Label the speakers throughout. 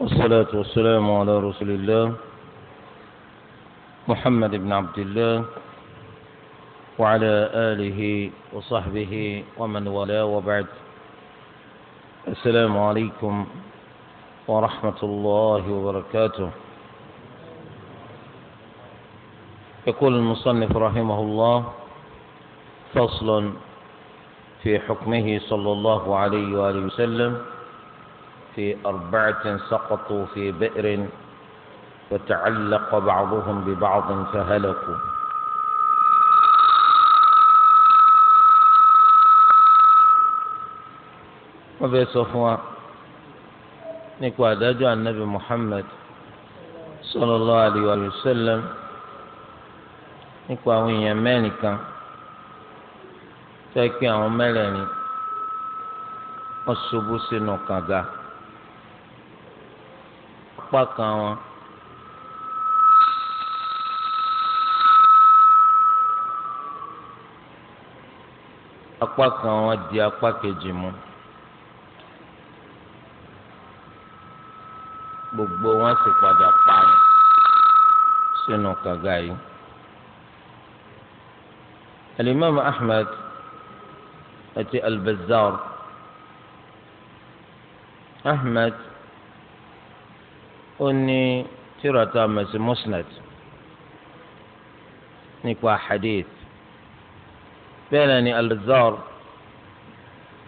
Speaker 1: والصلاة والسلام على رسول الله محمد بن عبد الله وعلى آله وصحبه ومن والاه وبعد السلام عليكم ورحمة الله وبركاته يقول المصنف رحمه الله فصل في حكمه صلى الله عليه وآله وسلم في أربعة سقطوا في بئر وتعلق بعضهم ببعض فهلكوا وفي صفوة نكوى دجوى النبي محمد صلى الله عليه وسلم نكوى وين يمانكا تاكي أو ملني والسبوس نقاقا apá kan wọn. apá kan wọn di apá kejì mú gbogbo wọn sì padà pa ni sínú kàga yìí. الإمام أحمد أتي البزار أحمد ó ní tírọ̀tà mẹ̀sì musnad nípa hadith bẹ́ẹ̀ náà ni alizar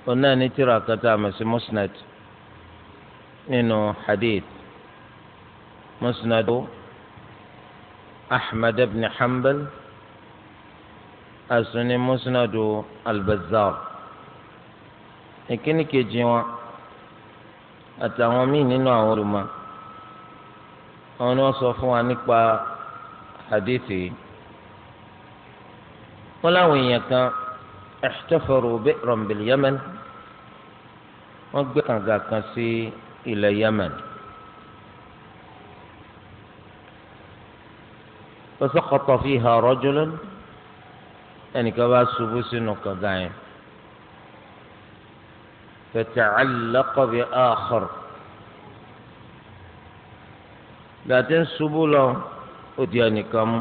Speaker 1: ó náà ní tírọ̀tà mẹ̀sì musnad nínú hadith musnadu ahmed ibn hanbal asuni musnadu albazar ìkíni kejì wọn àtàwọn míì nínú àwọn olùmọ̀. àwọn ni wọ́n sọ fún wa nípa hadithi wọ́n láwọn èèyàn kan ihtafaru òbí rọ̀mbìlì Yemen wọ́n gbé kànga kan sí ilẹ̀ Yemen. kọ́tọ̀ فسقط فيها رجل يعني كبا سبوسن وكباين فتعلق بآخر gbàtí ń ṣubú lọ ó di ẹnìkan mú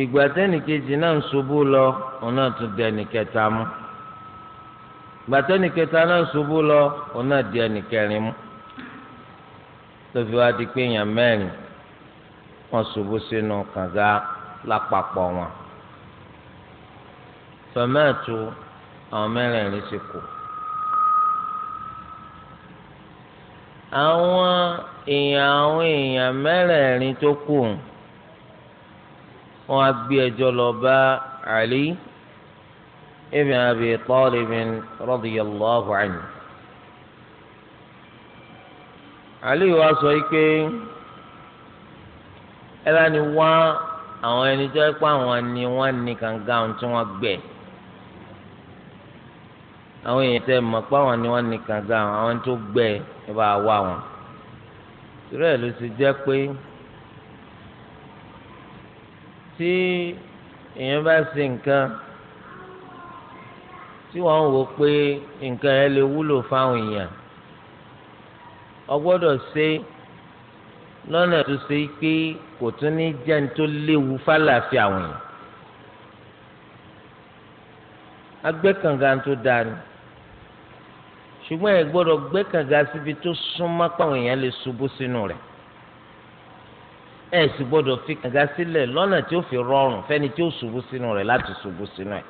Speaker 1: ìgbà tẹnìkejì náà ń ṣubú lọ òun náà tún di ẹnìkẹta mú ìgbà tẹnìkẹta náà ń ṣubú lọ òun náà di ẹnìkẹrin mú tó fi wá di pé èèyàn mẹ́rin wọ́n ṣubú sínú kànga lápapọ̀ wọn fẹ̀mẹ́ẹ̀tù àwọn mẹ́rẹ̀ẹ̀rin sì kù. àwọn èèyàn àwọn èèyàn mẹ́rẹ̀ẹ̀rin tó kù wọn á gbé ẹjọ́ lọ bá Ali ibn Abi Talib radiyallahu anhu. Ali wa sọ pé ẹ bá wá àwọn ẹni tó ẹ pa àwọn ni wọ́n ní kànga ohun tí wọ́n gbẹ̀ẹ́ àwọn èèyàn tẹ mọ̀ pé àwọn ni wọ́n ní kànga àwọn tó gbẹ ẹ bá wá wọn. ìrẹ́ ló ti jẹ́ pé tí èèyàn bá ṣe nǹkan tí wọ́n wò pé nǹkan yẹn lè wúlò fáwọn èèyàn ó ṣe lọ́nà tó ṣe pé kò tún ní jẹ́ ní tó léwu fálàfíà àwọn èèyàn agbẹ́kànga tó dáa ni ṣùgbọ́n ẹ gbọ́dọ̀ gbé kànga síbi tó súnmọ́ páwọn èèyàn lè ṣubú sínú rẹ̀ ẹ sì gbọ́dọ̀ fi kànga sílẹ̀ lọ́nà tí ó fi rọrùn fẹ́ni tí ó ṣubú sínú rẹ̀ láti ṣubú sínú ẹ̀.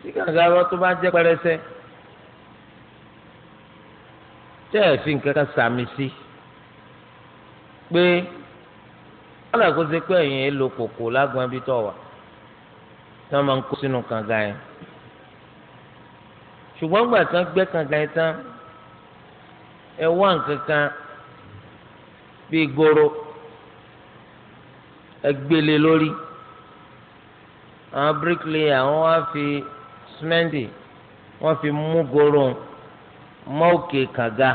Speaker 1: tí kànga lọ tó bá jẹ́ pẹrẹsẹ tẹ́ ẹ fi nǹkan kan sàmì sí pé wọ́n àkóso pé ẹ̀yìn èlò kòkó lágbọ́n bí tọ̀ wà tí wọ́n máa ń kó sínú kànga yẹn ṣùgbọ́n gbà tán gbẹ́ kankan yẹn tán ẹ wá nǹkan kan bíi goro ẹ gbélé lórí àwọn bíríkìlìyà wọn wá fi símẹ́ǹtì wọn fi mú goro mọ́ òkè kàga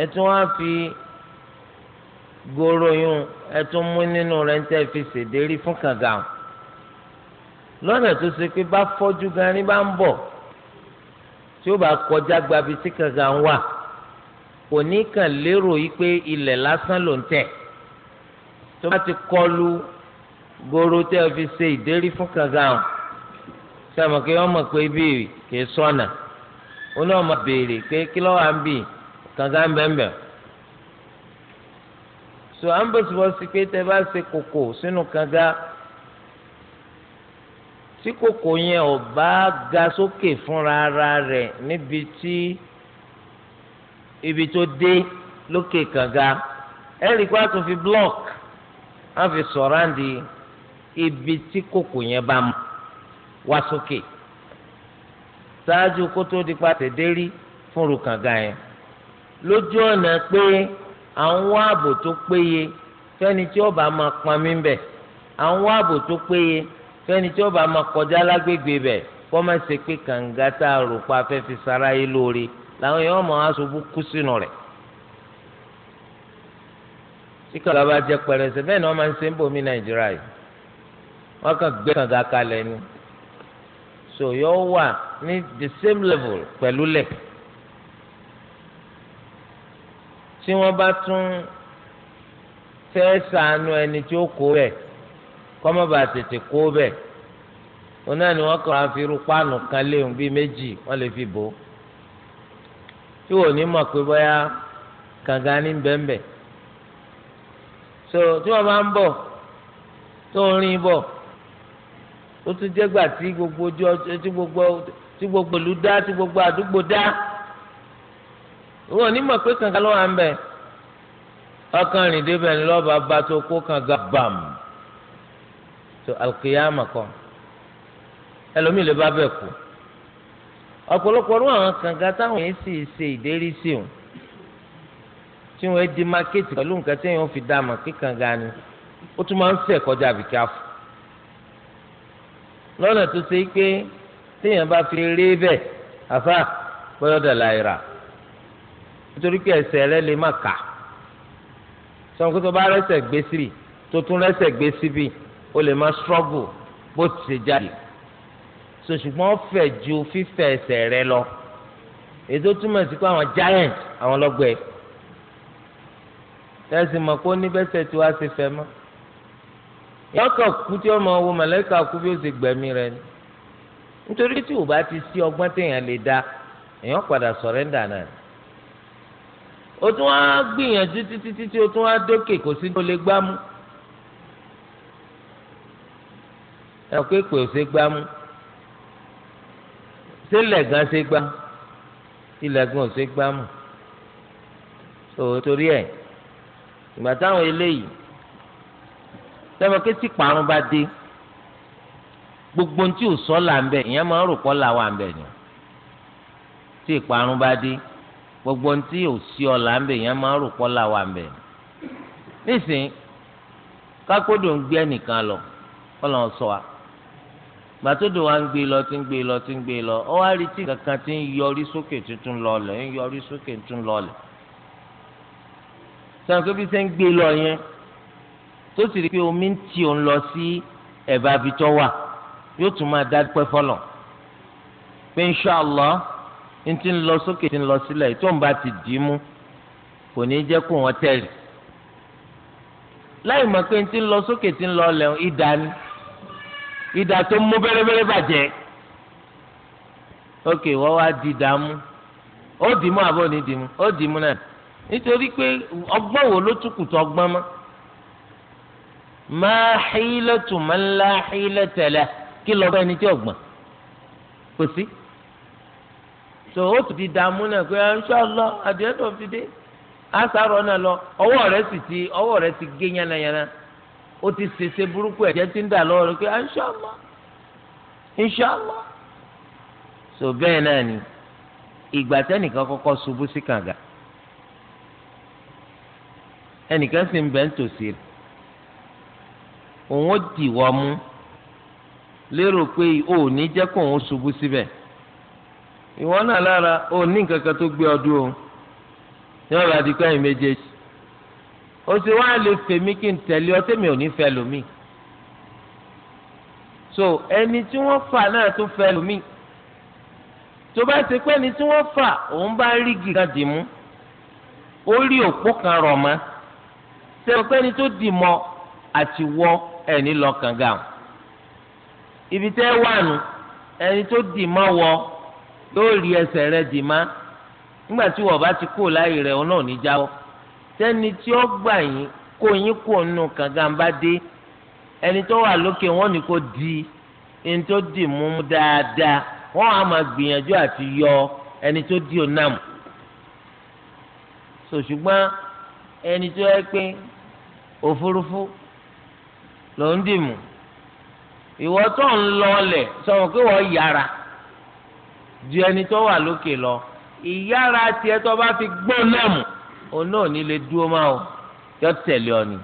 Speaker 1: ẹ tún wá fi goro yún ẹ tún mú nínú rẹ̀ ń tẹ́ fi ṣèdérí fún kàga hàn lọ́nà tó ṣe pé bá fọ́jú gan ni bá ń bọ̀ tí ó bá kọjá gbabi tí kankan wà kò ní kàn lérò yìí pé ilẹ̀ lásán ló ń tẹ̀ tó bá ti kọlu goro tẹ́ ẹ fi ṣe ìdérí fún kankan sọmọ kí wọ́n mọ̀ pé bí kì sọ̀nà ó náà mọ̀ béèrè pé kí lọ́wọ́ à ń bì kankan ń bọ̀ sí wọ́n pé tẹ́ bá ṣe kòkò sínú kankan tí kòkò yẹn ò bá ga sókè fúnra ara rẹ̀ níbi tí ibi tó dé lókè kànga ẹ̀rí kó a tún fi block a fi sọ̀ráǹdì ibi tí kòkò yẹn bá wá sókè ṣáájú kó tó di pàtẹ dérí fúnru kànga yẹn lójú ọ̀nà pé àwọn ààbò tó péye fẹ́ni tí ó máa pọn mí bẹ̀ àwọn ààbò tó péye kẹ́ni tí ó bá máa kọjá lágbègbè bẹ̀ kọ́ máa ṣe pé kànga tá a rò pa fẹ́ fi sáráyé lóore làwọn èèyàn máa aṣojú kú sínú rẹ̀. tí kànga bá jẹ pẹrẹsẹ bẹ́ẹ̀ ni wọ́n máa ń ṣe ń bomi nàìjíríà yìí wọ́n kàn gbé kànga kalẹ̀ ni so yóò wà ní the same level pẹ̀lú lẹ̀. tí wọ́n bá tún fẹ́ sànú ẹni tí ó kó rẹ̀ kọ́mọ́bà tètè kó bẹ́ẹ̀ òun náà ni wọ́n kọ́ àfi irú páànù kan léwu bíi méjì wọ́n lè fi bò ó tí wọ́n ní mọ̀ pé bóyá kànga ní bẹ́ẹ̀nbẹ́ so tí wọ́n bá ń bọ̀ tó ń rìn bọ̀ ó tún jẹ́gbà tí gbogbo tí gbogbo tí gbogbo ìlú dá tí gbogbo àdúgbò dá wọ́n ní mọ̀ pé kànga ló wà ń bẹ̀ ọkàn rìn débẹ̀ ni bá tó kó kànga bàm tó alukiyama kọ ẹlòmíì lè bá bẹ kú ọ̀pọ̀lọpọ̀ ọdún àwọn kànga táwọn yẹn sì ṣe ìdérí sí o tí wọn di mákètì pẹ̀lú nǹkan tí wọn fi dáàmà kí kànga ni ó tún máa ń fẹ̀ kọjá àbíkí afọ tó ṣe pé téèyàn bá fi rí bẹ́ẹ̀ àfa gbọ́dọ̀ láìra nítorí pé ẹsẹ̀ rẹ lè má kà sọ̀rọ̀ kó tó bá rẹ́sẹ̀ gbé sí tó tún rẹ́sẹ̀ gbé síbi. Si o lè máa struggle bó ti ṣe jáde so ṣùgbọ́n ó fẹ̀ ju fífẹ̀ ẹsẹ̀ rẹ lọ ètò túmọ̀ sí pé àwọn giant àwọn lọ́gbẹ̀ẹ́ tẹ́sí mọ̀ kó níbẹ̀sẹ̀ tí wàá ṣe fẹ́ mọ́ yọkọ̀ kú tí ọmọ wo mọ̀lẹ́kà kú bí ó ṣe gbẹ̀mí rẹ ni nítorí tí o bá ti sí ọgbọ́n téèyàn lè dá èèyàn padà sọ̀rẹ́ndà náà o tún wá gbìyànjú títí títí o tún wá dókè kò sí ní lè gbámú ẹ̀rọ kéèpé ò ṣe gbá mú ṣé lẹ̀gàn ṣe gbá ilẹ̀gàn ò ṣe gbá torí ẹ̀ ìgbà táwọn eléyìí tẹ́wọ́ kétí parun bá dé gbogbo ntí ò sọ là ń bẹ ìyẹn máa ń rò pọ́ là wà ń bẹ ni tí ìparun bá dé gbogbo ntí ò sí ọ là ń bẹ ìyẹn máa ń rò pọ́ là wà ń bẹ nísìnyí kákódò ń gbé ẹnìkan lọ kọ́ lọ́n sọ wa gbàtòdò wa ń gbé lọ tí ń gbé lọ tí ń gbé lọ ọ wá rí tí kankan tí ń yọrí sókè tuntun lọlẹ̀ ń yọrí sókè tuntun lọlẹ̀ sọ̀rọ̀ pé bí sẹ́ ń gbé lọ yẹn tó sì rí pé omi ń tì òun lọ sí ẹ̀bá abitọ́ wà yóò tún máa dápẹ́ fọlọ̀ pé inṣàlọ́ ń ti ń lọ sókè ti ń lọ sílẹ̀ tó ń bá ti dì í mú kò ní jẹ́ kó wọ́n tẹ̀lé láì mọ̀ pé ń ti ń lọ sókè ti ń lọ lẹ̀ ìdá ìdà tó mú bẹ́rẹ́bẹ́rẹ́ bàjẹ́ ok wọ́n wá di dààmú ó dìímú àbọ̀ ní dìímú ó dìímú náà nítorí pé ọgbọ́n wo ló tún kù ọgbọ́n mọ́ máa hílẹ̀ tù máa ń la hílẹ̀ tẹ̀lẹ̀ kí tí ọgbọ́n kò sí so ó tún di dààmú náà pé ṣọlọ àdìẹ́ tó fi dé náà lọ ọwọ́ rẹ̀ sì ti ọwọ́ rẹ̀ ti gé yánnayànna. ó ti ṣèṣe burúkú ẹ̀jẹ̀ ti ń dà lọ́wọ́ rẹ̀ pé inṣàlá inṣàlá so bẹ́ẹ̀ náà ni ìgbà tẹ́nìkan kọ́kọ́ ṣubú sí kànga ẹnìkan sì ń bẹ ń tòsí rẹ̀ òun ó dì wọ́n mú lérò pé o ò ní jẹ́ kó òun ṣubú síbẹ̀ ìwọ náà lára o ní nǹkan kan tó gbé ọdún o ní ọ̀rọ̀ àdìpẹ́ yìí méjèèjì o sì wá lè fèmí kí n tẹ̀lé ọ tẹ́mi ò ní fẹ́ lómi so ẹni tí wọ́n fà náà tún fẹ́ lómi tó bá ti pẹ́ ẹni tí wọ́n fà òun bá rí gìkan dì mú ó rí òpó kan rọ̀ mọ́ sẹ́wọ́n pé ẹni tó dì mọ́ àti wọ́ ẹni lọ kànga o ibi tẹ́ wà nù ẹni tó dì mọ́ wọ yóò rí ẹsẹ̀ rẹ̀ dì má nígbà tí wọ́n bá ti kú láyé rẹ̀ òun náà ní jáwọ́ sẹ́ni tí ó gbà yín kó yín kó nù kàngán bá dé ẹni tó wà lókè wọn ni kò di ẹni tó di mú dáadáa wọn á máa gbìyànjú àti yọ ẹni tó di onam so ṣùgbọ́n ẹni tó yẹ pé òfurufú ló ń dì mú ìwọ tó ń lọlẹ̀ sọ̀rọ̀ pé wọ́n yára ju ẹni tó wà lókè lọ ìyára tiẹ̀ tó bá fi gbóná mú òun náà ní lè dúró máa o yọ tẹ̀lé ọ ni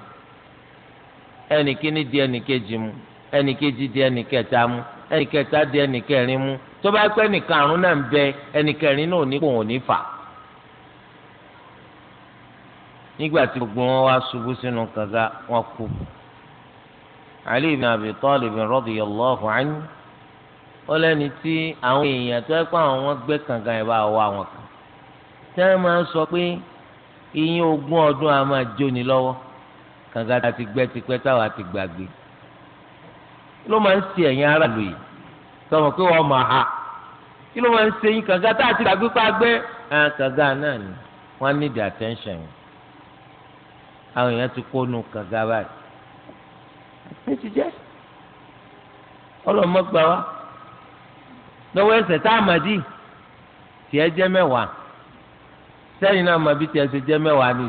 Speaker 1: ẹnìkíní di ẹnìkejì mu ẹnìkejì di ẹnìkẹta mu ẹnìkẹta di ẹnìkẹrin mu tó bá pẹ́ ẹnìkarùn náà ń bẹ ẹnìkẹrin náà ò ní kò ò ní fà. nígbà tí gbogbo wọn wá ṣubú sínú kànga wọn kú Ali ibn Abi Talib radiyallahu anhu ó lẹ́ni tí àwọn èèyàn tó ẹ́ pé àwọn gbẹ́ kànga yẹn bá wà wọn kàn. tẹ́ máa ń sọ pé ìyìn ogún ọdún a máa jóni lọ́wọ́ kàńgá tá a ti gbẹ́ tipẹ́ táwa ti gbàgbé kí ló máa ń ṣe ẹ̀yin aráàlú yìí sọmọ pé wọ́n máa ha kí ló máa ń ṣe yín kàńgá tá a ti gbàgbé pa gbé àwọn kàńgá náà ni wọ́n ní the attention àwọn èèyàn ti kó nu kàńgá báyìí àti ti jẹ́ ọlọ́mọgbà wa lọ́wọ́ ẹsẹ̀ tá a mà dì tiẹ́ jẹ́ mẹ́wàá sẹ́yìn náà mọ̀ bí tiẹ̀ ṣe jẹ́ mẹ́wàá ni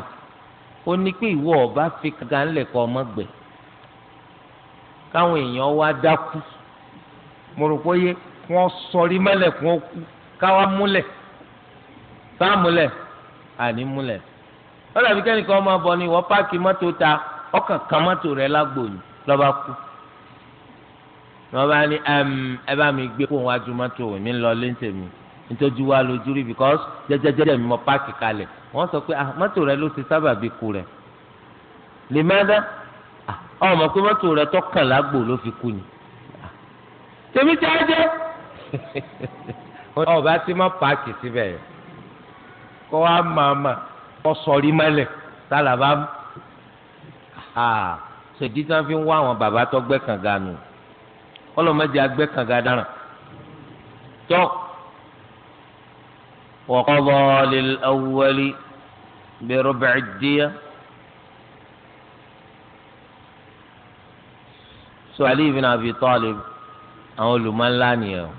Speaker 1: ó ní pé ìwọ ọba fi kankan lẹ̀ kọ́ ọmọgbẹ́ káwọn èèyàn wá dákú mo rò pé yé wọ́n sọrí mẹ́lẹ̀ kí wọ́n kú káwá múlẹ̀ sáà múlẹ̀ àní múlẹ̀ ó dàbí kẹ́nìkan ọmọ bọ̀ ni wọ́n páàkì mọ́tò ta ọkàn kan mọ́tò rẹ̀ lágbòyìn lọ́ba kú lọ́ba ni ẹ bá mi gbé kó wájú mọ́tò mi lọ lé tèmi nítorí wa lójú rí because jẹjẹjẹjẹ mi mọ páàkì kalẹ̀ wọ́n sọ pé ah mọ́tò rẹ ló ṣe sábàbí kú rẹ̀ lè má dá ah, ọ mọ̀ pé mọ́tò rẹ tọkàn lágbo ló fi kú ni ah, tèmi tí a jẹ́ ọba tí ma páàkì síbẹ̀ yẹn kọ́ wa máa ma kọ́ sọ̀rí mẹ́lẹ̀ sálàbà ah, ṣèdí tí wọ́n fi ń wá àwọn bàbá tó gbẹ́ kànga nù ọlọ́mọdé agbẹ́ kànga dáràn tó. وقضى للأول بربع الدية سعلي بن أبي طالب أقول من لا نيو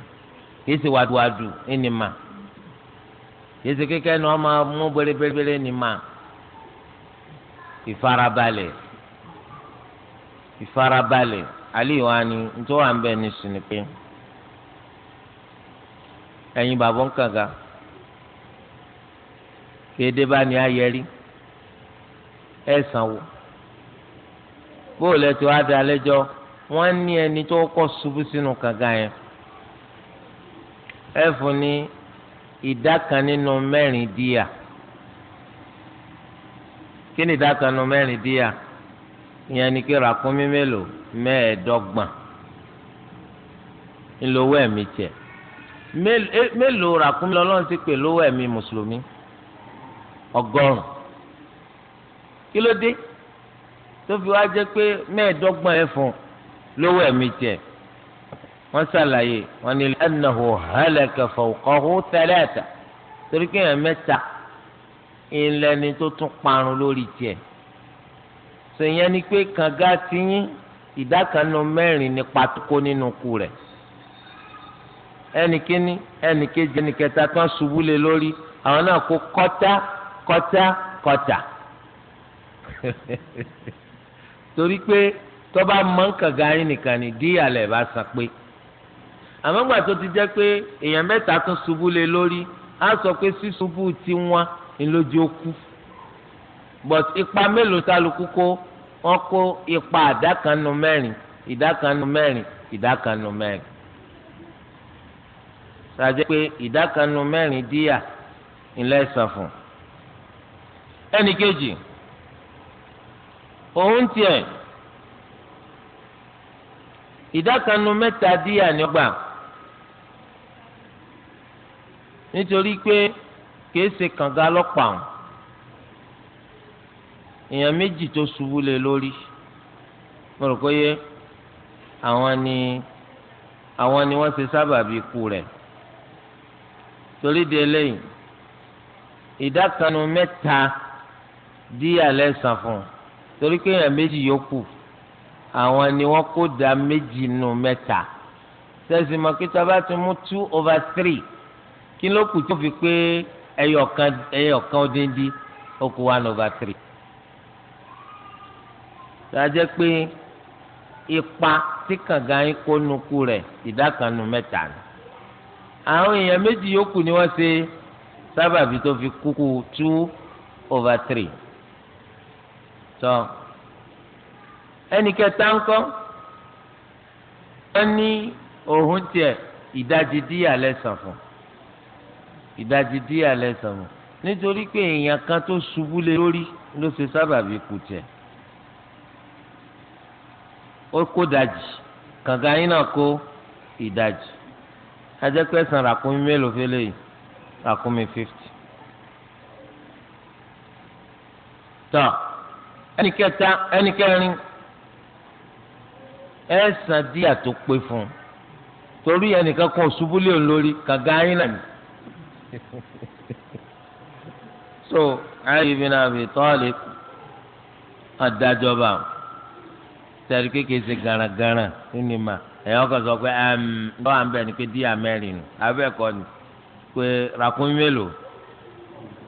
Speaker 1: يسي واد وادو إني ما yéésì kékeré ni wọn máa mú bérébéré ni mà ìfarabalẹ̀ ìfarabalẹ̀ aliwa ni ntọ́wà ń bẹ̀ ní sinipé ẹ̀yin bàbá ń kàga kéde bá ní ayẹrí ẹ sanwó bóòlù ẹ ti wá da lẹ́jọ́ wọ́n ní ẹni tó kọ́ ṣubú sínú kànga yẹn ẹ fún ní ìdá kan nínú mẹ́rin díà kí ni ìdá kan nínú mẹ́rin díà ìyẹn ni kí ràkúnmí mélòó mẹ́ẹ̀ẹ́dọ́gbọ̀n ńlọwọ́ ẹ̀mí tiẹ̀ mélòó ràkúnmí lọ́lọ́run ti pè lọ́wọ́ ẹ̀mí mùsùlùmí ọgọ́rùn kí ló dé tó fi wá jẹ́ pé mẹ́ẹ̀ẹ́dọ́gbọ̀n ẹ̀ fún lówó ẹ̀mí tiẹ̀ wọ́n ṣàlàyé wọ́n ní ẹnàhó hẹlẹkẹ fọwọkọhó tẹlẹẹta torí pé èèyàn mẹ́ta ìlẹni tó tún parun lórí tiẹ̀ sọ ìyẹn ni pé kànga tiyín ìdákanu mẹ́rin ní patukó nínú ku rẹ̀ ẹnìkíní ẹnìkejì ẹnìkẹta kan ṣubú lé lórí àwọn náà kó kọta kọtakọta torí pé tọ́ba mọ́ǹkàgá yín nìkan ni díyà lẹ̀ bá san pé àmọ́ gbà tó ti jẹ́ pé èèyàn mẹ́ta tún ṣubú lé lórí á sọ pé ṣíṣubú tiwọn ńlójú ó kú but ipa mélòó sálukú kó wọn kó ipa àdákanu mẹ́rin ìdákanu mẹ́rin ìdákanu mẹ́rin ṣàjẹ́ pé ìdákanu mẹ́rin díyà ńlẹ́sàn fún un ẹnì kejì òun tiẹ̀ ìdákanu mẹ́ta díyà ni ọgbà nítorí pé kìí ṣe kànga lọ́pàá èèyàn méjì tó ṣubú lé lórí mo rò pé àwọn ni àwọn ni wọ́n ṣe sábàbí ikú rẹ̀ torí di eléyìí ìdákanu mẹ́ta díyà lẹ́sàn fún un torí pé èèyàn méjì yòókù àwọn ni wọ́n kó da méjì nù mẹ́ta sẹ́sì mọ́kítà bá ti mú two over three kí ló kù tó fi pé ẹyọ̀kan ẹyọ̀kan díndín ó one over three. dájẹ́ pé ipa tí kànga yín kó nukú rẹ̀ ìdá kan mẹ́ta ni àwọn èèyàn méjì yòókù ni wọ́n ṣe sábàbí tó fi kúkú two over three tọ́ ẹnì kẹta ńkọ́ wọ́n ní òun tiẹ̀ ìdajì díyà lẹ́sàn fún ìdajì díyà lẹ́sàn fún nítorí pé èèyàn kan tó ṣubú lé lórí ló ṣe sábàbí kù tiẹ̀ ó kó dajì kànga yín náà kó ìdajì ajẹ́pẹ́ san ràkúnmí mélòó fẹ́lẹ́ yìí ràkúnmí fifty. tọ́ ẹnì kẹta ẹnì kẹrin ẹ san díà tó pé fún torí ẹnìkan kan ṣubú lé òun lórí kàga yín náà ni. so Ali bin Abi Talib adájọba tẹ̀rí kékeré ṣe garagara nínú ìmọ̀ ẹ̀yọ́ kan sọ pé ẹ̀ ń lọ́wọ́ à ń bẹ̀ ni pé díà mẹ́rin nù abẹ́ẹ̀kọ́ ni pé ràkúnmí mélòó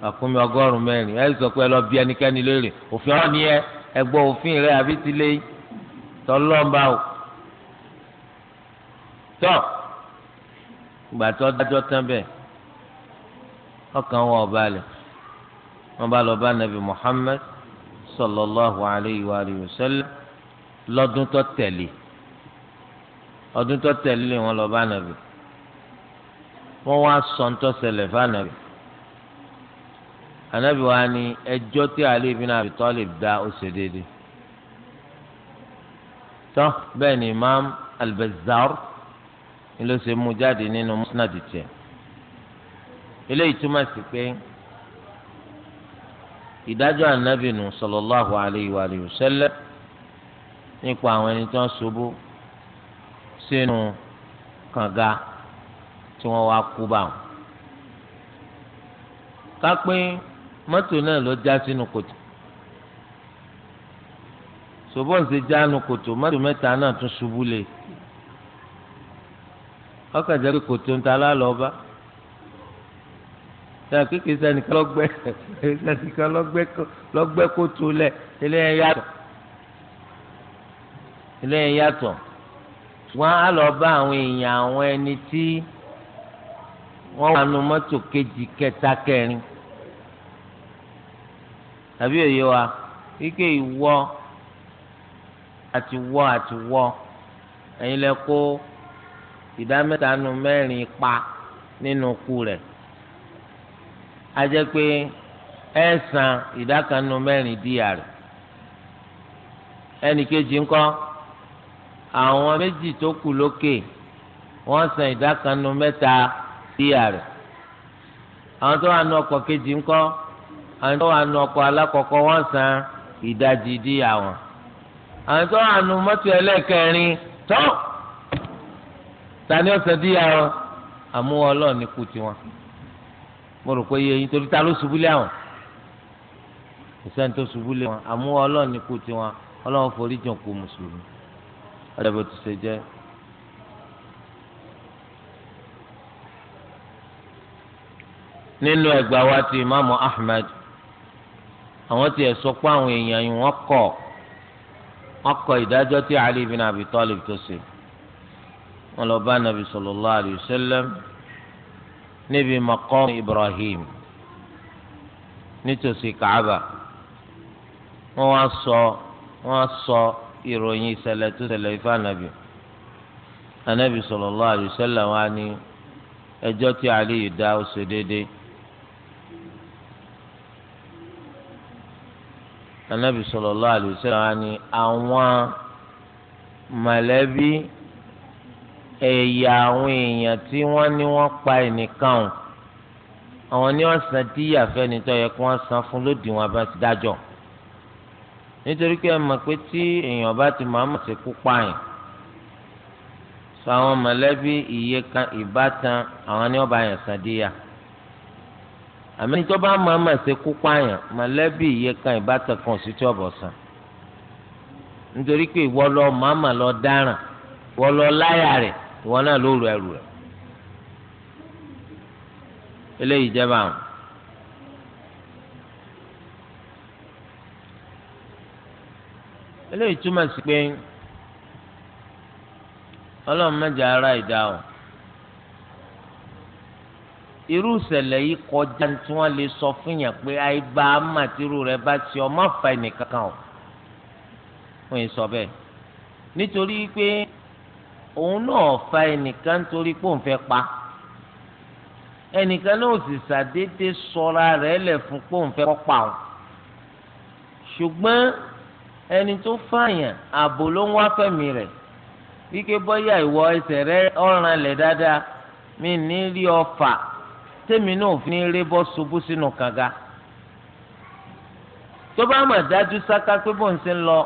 Speaker 1: àkúnmí ọgọ́rùn mẹ́rin ẹ sọ pé ẹ lọ bí ẹnikẹ́ni léèrè òfin ọ̀ni ẹ ẹ gbọ́ òfin rẹ àbí ti lé tọ́lọ́mbà o tọ́ ìgbà tó dájọ́ tán bẹ́ẹ̀ ọkàn wọn ọba lẹ̀ wọn bá lọ bá nàbì Muhammad sallallahu alayhi wa alihi wa sallam lọ́dún tó tẹ̀lé ọdún tó tẹ̀lé wọn lọ bá nàbì wọn wá sọ ń tọ́ ṣẹlẹ̀ fún ànàbì anabi wa ni ẹjọ́ tí Ali ibn Abi Talib dá ó ṣe déédéé tán bẹ́ẹ̀ ni imam al-Bazzar ni ló ṣe mú jáde nínú musnad tiẹ̀ eléyìí túmọ̀ sí pé ìdájọ́ anabi nù sallallahu alayhi wa alihi wa sallam nípa àwọn ẹni tó ń ṣubú sínú kànga tí wọ́n wá kú báwọn ká pín mọ́tò náà lọ já sínú kòtò sobọ́nsì jánu kòtò mọ́tò mẹ́ta náà tún ṣubú lé ọkàn jẹ́ pé kòtò ń ta lálọ́ọ́bá náà kékeré sẹ́nìkan lọ́gbẹ́ sẹ́nìkan lọ́gbẹ́ kòtò lẹ̀ eléyẹn yàtọ̀ eléyẹn yàtọ̀ wọ́n á lọ bá àwọn èèyàn àwọn ẹni tí wọ́n wà nù mọ́tò kejì kẹta kẹrin tàbí òye wa wípé ìwọ àti wọ àti wọ ẹ̀yin lẹ kó ìdá mẹ́ta nu mẹ́rin pa nínú ku rẹ̀ a jẹ́ pé ẹ san ìdá kan nu mẹ́rin díyà rẹ̀ ẹnì kejì ńkọ́ àwọn méjì tó kù lókè wọ́n san ìdá kan nu mẹ́ta díyà rẹ̀ àwọn tó wà nù ọkọ̀ kejì ńkọ́ àwọn tó wà nù alákọ̀ọ́kọ́ wọ́n san ìdajì di àwọn àwọn tó wà nù mọ́tò ẹlẹ́kẹrin tó tani ọ̀sẹ̀ di àwọn àmúwọ́ ọlọ́ọ̀ ní tiwọn mo rò pé iye torí ta ló ṣubú lé àwọn ìsẹ́ni tó ṣubú lé wọn àmúwọ́ ọlọ́ọ̀ ní kú tiwọn ọlọ́wọ́ forí jàn mùsùlùmí ti ṣe jẹ́. àwọn tiẹ̀ sọ pé àwọn èèyàn yìí wọ́n kọ̀ wọ́n kọ̀ ìdájọ́ tí Ali Abi Talib tó ṣe lọ bá nàbì sallallahu Ibrahim nítòsí Kaaba wọ́n wá sọ wọ́n wá sọ ìròyìn ìṣẹ̀lẹ̀ tó ṣẹlẹ̀ ifá nàbì sallallahu alayhi wa wá ní ẹjọ́ tí Ali yìí dá anabi sallallahu alaihi wasallam ni àwọn mọ̀lẹ́bí ẹ̀yà àwọn èèyàn tí wọ́n ní wọ́n pa ẹnìkan o àwọn ní wọ́n san díyà fẹ́ni tó yẹ kí wọ́n san fún lódiwọ̀n bá ti dájọ́ nítorí pé ẹ mọ̀ pé tí èèyàn bá ti máa mọ̀ sí kópa yẹn sọ àwọn mọ̀lẹ́bí ìyèkan ìbátan àwọn ní wọ́n bá yẹn san díyà. àmì tó bá máa máa ṣe kú pààyàn mọ̀lẹ́bí iye kan ìbátan kan sí tí ọ̀bọ̀ san nítorí pé ìwọ lọ màmá lọ dáràn ìwọ lọ láyà rẹ̀ ìwọ náà ló rọ ẹrù rẹ̀ eléyìí jẹ́ báwọn. eléyìí túmọ̀ sí pé ọlọ́run mẹ́jọ ara ìdá o. irú ìṣẹ̀lẹ̀ yìí kọjá tí wọ́n lè sọ fún yàn pé àìbá àmàtírù rẹ̀ bá ti ọmọ fà nìkan kan o fún yìí sọ bẹ́ẹ̀ nítorí pé òun náà fa ẹnìkan torí pé òun fẹ́ pa ẹnìkan náà sì ṣàdédé sọra rẹ̀ lẹ̀ fún pé òun fẹ́ pa o ṣùgbọ́n ẹni tó fààyàn ààbò ló ń wá fẹ̀mí rẹ̀ wíkẹ́ bọ́yá ìwọ ẹsẹ̀ rẹ̀ ọ̀ràn lẹ̀ dáadáa mi ní rí ọ fà tèmi náà fi ní rébọ́ ṣubú sínú kànga tó bá mà dájú sáká pé bó ń ṣe ń lọ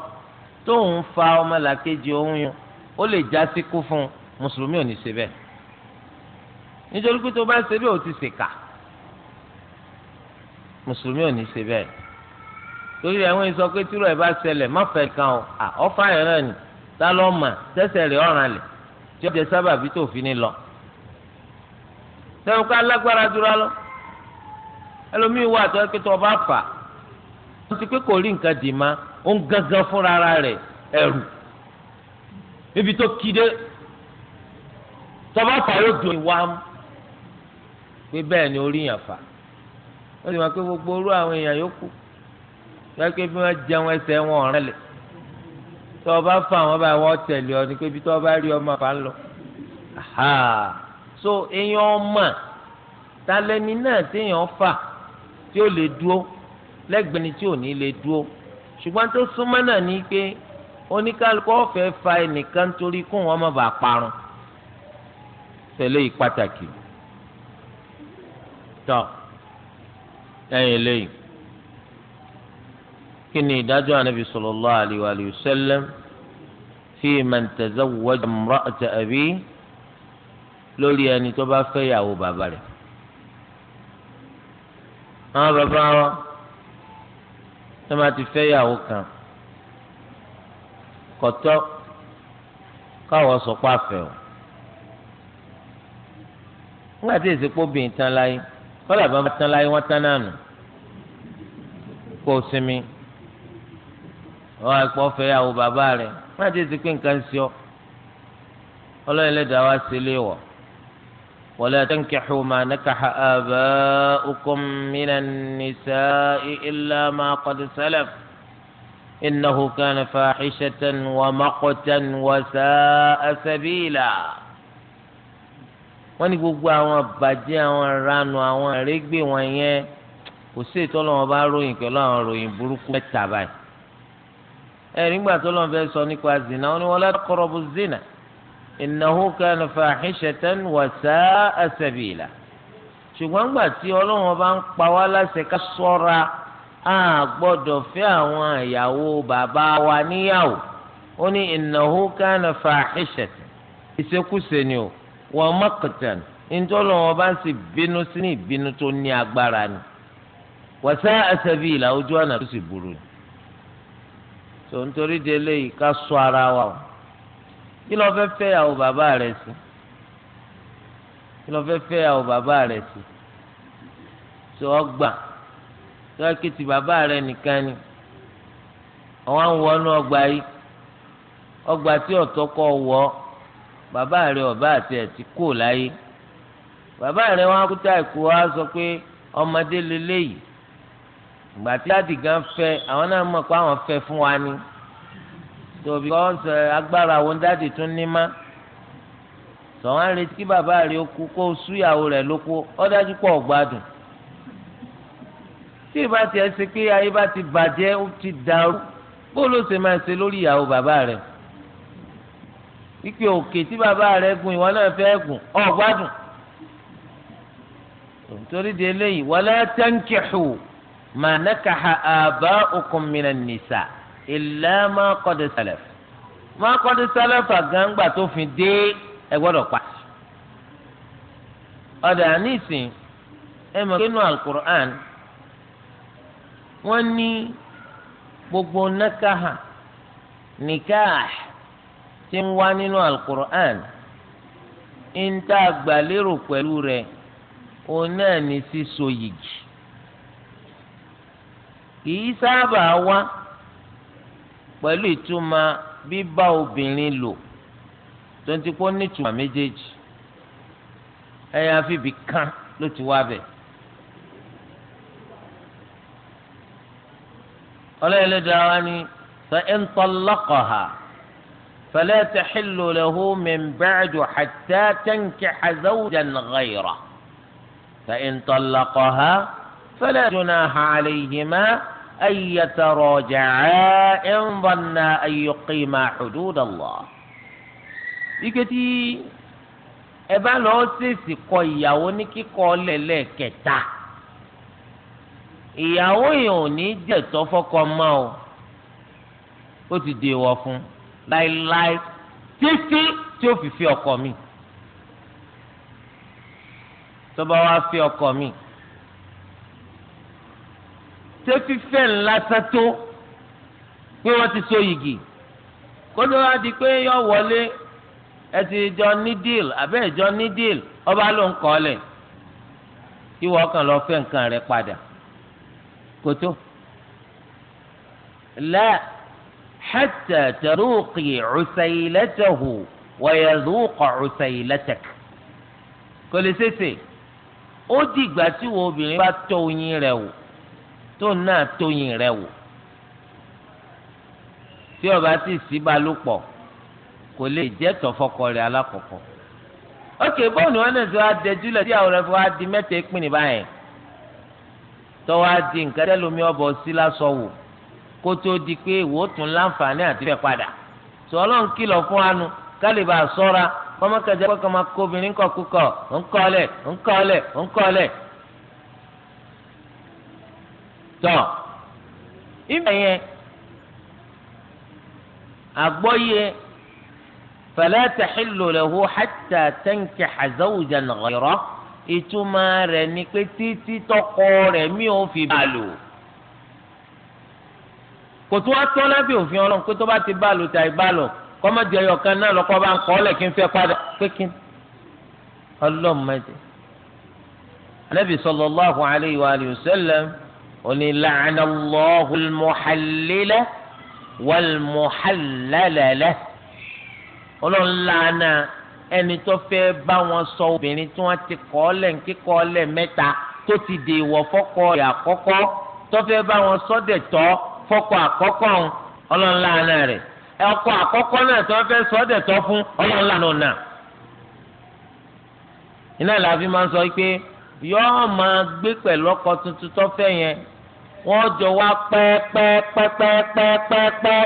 Speaker 1: tóun fa ọmọlàkejì òun yun ó lè já sí kú fún un mùsùlùmí ò ní ṣe bẹ́ẹ̀ nítorí pé tó bá ṣe bẹ́ẹ̀ ò ti ṣèkà mùsùlùmí ò ní ṣe bẹ́ẹ̀ torí àwọn ìsọ pé tírọ̀ ẹ̀ bá ṣẹlẹ̀ má fẹ́ kan o ọ̀fà ẹ̀rọ ni tá lọ́ọ́ mà tẹ́sẹ̀ rẹ̀ ọ̀ràn lẹ̀ tí ó jẹ sábàbí tó fi ní lọ sẹ́wọ́n ká lágbára dúró lọ ẹlòmíín wà tó ẹkẹtọ ọba fà ó ti pé kò rí nǹkan dì má ó ń gángan fúnra ara rẹ̀ ẹrù ibi tó kíde tọba fà yóò dùn ìwà mú pé bẹ́ẹ̀ ni orí yàn fà ó sì máa pé gbogbo orú àwọn èèyàn yòókù wọ́n pé bí wọ́n jẹun ẹsẹ̀ wọn ọ̀rẹ́ lẹ̀ tọba fà wọn bá wọn tẹ̀lé ọ ni pé bí tọba rí ọmọ àfà lọ so èèyàn ọmọ talẹni náà téèyàn fà tí ó lè dúró lẹ́gbẹ̀ẹ́ni tí ò ní lè dúró ṣùgbọ́n tó súnmọ́ náà ni pé oníkálukú ọ̀fẹ́ fa ẹnìkan torí kó wọn má bàa parun tẹ̀lé yìí pàtàkì tọ́ ẹ̀yìn lẹ́yìn kí ni ìdájọ́ anabi sallallahu alaihi wa sallam fi man tazawwaja imra'ata abi lórí ẹni tó bá fẹ́ ìyàwó bàbá rẹ̀ àwọn bàbá wọn tó máa ti fẹ́ ìyàwó kan kọ̀tọ́ káwọn sọ pé àfẹ́ o nígbà tí èsìpọ̀ bìnrin tán láyé kọ́lá bá tán láyé wọ́n tán náà nù kó sinmi wọ́n á pọ̀ fẹ́ ìyàwó bàbá rẹ̀ nígbà tí èsìpọ̀ nǹkan ń sọ ọlọ́run lẹ́dàá wá sílé wọ̀. ولا تنكحوا ما نكح آباؤكم من النساء إلا ما قد سلف إنه كان فاحشة ومقتا وساء سبيلا wọ́n ní gbogbo àwọn bàjẹ́ àwọn ranu àwọn àrégbè wọn yẹn kò sí ìtọ́lọ́wọ́n bá ròyìn pẹ̀lú àwọn ròyìn burúkú mẹ́ta báyìí ẹ̀rí ńgbà tó lọ́n fẹ́ sọ nípa zina wọn ni wọ́n lọ́ọ́ kọ́rọ́ bu zina. innahu kana fahishatan wa sa'a ṣùgbọ́n gbà tí ọlọ́run bá ń pa wá láṣẹ ká ṣọ́ra a gbọ́dọ̀ fẹ́ àwọn ìyàwó bàbá wa níyàwó ó ní innahu kana fahishatan ìṣekúṣe ni wa maqtan ntọ́lọ́ wọn bá ń sì bínú sí ní ìbínú tó ní agbára ni wa ojú ọ̀nà tó sì burú ni. tòun torí délé yìí ká ara kí ló fẹ́ fẹ́ yàwó bàbá rẹ̀ sí kí ló fẹ́ fẹ́ yàwó bàbá rẹ̀ sí tó ọ gbà tó kìtì bàbá rẹ̀ nìkan ni àwọn àwọn wọnú ọgbà yìí ọgbà tí ọ̀tọ́ kọ́ wọ bàbá rẹ̀ ọ̀bá àti ẹ̀tí kò láyé bàbá rẹ̀ wọn kúta ẹ̀kú wa sọ pé ọmọdé lélẹ́yìí ìgbà tí láti gan fẹ́ àwọn náà mọ̀ pé àwọn fẹ́ fún wa ni so because eh, agbára àwọn dáàdì tún ní má sọ wọn retí kí bàbá rẹ̀ kú kó súyàwó rẹ̀ lóko ó dájú pọ̀ ọ̀gbádùn tí ìbá tiẹ̀ ṣe pé ayé bá ti bàjẹ́ ó ti dàrú bó ló ṣe máa ṣe lórí ìyàwó bàbá rẹ̀ wípé òkè tí bàbá rẹ̀ gùn ìwọ náà fẹ́ gùn ọ̀gbádùn torí de eléyìí wala tankihu ma nakaha aba'ukum minan nisa. ìlà máa kọ́dé sálẹ̀ máa kọ́dé sálẹ̀ fàgáǹgbà tó fi dé ẹ gbọ́dọ̀ pa. ọ̀dà nísìn ẹ mọ̀ kínú alukur'an wọ́n ní gbogbo nakaha nikah tí ń wá nínú alukur'an ń tá a gbà lérò pẹ̀lú rẹ̀ òun náà ní sísọ yìí kì í sábà wá. pẹ̀lú ìtumọ̀ bíbá obìnrin lò tó ń ti kó nítumọ̀ méjèèjì ẹ̀yà fìbí kan ló ti wá bẹ̀. ọlọ́yìn ló dára wá ní sọ ẹ̀ ń tọ́ lọ́kọ̀ in talaqaha fala tahillu lahu min ba'du hatta tankiha zawjan ghayra fa in talaqaha fala junaha alayhima. أن يتراجعا إن ظنا أن يقيما حدود الله iketi ẹ lọ kọ ìyàwó ní kíkọ kẹta ìyàwó yìí ò ní jẹ̀tọ́ fọ́kọ mọ́ o ó ti fún láéláé títí tí ó fi fi ọkọ mi tó bá fi ọkọ mi. ṣé fífẹ́ ńlásán tó pé wọ́n ti so yìgì kó ló wá di pé yọ wọlé ẹ ti jọ ní díìl àbẹ́ ìjọ ní díìl ọba ló ń kọ́ lẹ̀ kí wọ́n kàn lọ fẹ́ nǹkan rẹ̀ padà kótó. la hatta taruqi usaylatahu wa yazuqa usaylatak kò lè ṣeéṣe ó dìgbà tí wo obìnrin bá tọ́ oyin rẹ̀ wò. tó náà tóyin rẹ wò tí ọba bá ti sí balùpọ̀ kò lè jẹ́ tọ̀fọ́kọ rẹ alákọ̀ọ́kọ́ ok bọ́ọ̀ ni náà ti wá dẹjú tí àwọn rẹ̀ wá di mẹ́ta ìpín ní báyẹn tọ́wọ́ di nǹkan sí lásọ wò kó tó di pé tún láǹfààní àti padà ọlọ́run kìlọ̀ fún anu kálíbà sọ́ra kọ́mọ́kẹ́jẹ́ pé ńkọ́lẹ̀ tọ́ ibẹ̀ yẹn àgbọ́yé fala tahillu lahu hatta tankiha zawjan ghayrahu ìtumọ̀ rẹ̀ ni pé títí tọkọ rẹ̀ mi ò fi bá lò kò tó wá tọ́ lábẹ́ òfin ọlọ́run pé tó bá ti bá lò tàì bá lò kọ́mọ́dé ẹyọ náà lọ́kọ́ bá ń kọ́ lẹ̀ kí n fẹ́ padà pé kí n ọlọ́mọdé. anábì sallallahu alayhi wa sallam oni laana allahu muhalila walmuhalalala ọlọ́run laana ẹni tó fẹ́ bá wọn sọ obìnrin tí wọ́n ti kọ́ lẹ̀ ń kíkọ́ lẹ̀ mẹ́ta tó ti dè wọ̀ fọ́kọ rẹ̀ àkọ́kọ́ tó fẹ́ bá wọn sọ dẹ̀ tọ́ fọ́kọ àkọ́kọ́ ń ọlọ́run laana rẹ̀ ọkọ àkọ́kọ́ náà tó fẹ́ sọ dẹ̀ tọ́ fún ọlọ́run laana náà. iná làá máa ń sọ pé yọ́ọ́ máa gbé pẹ̀lú ọkọ tuntun tó fẹ́ yẹn wọ́n jọ wá pẹ́ẹ́pẹ́ẹ́pẹ́ẹ́pẹ́ẹ́pẹ́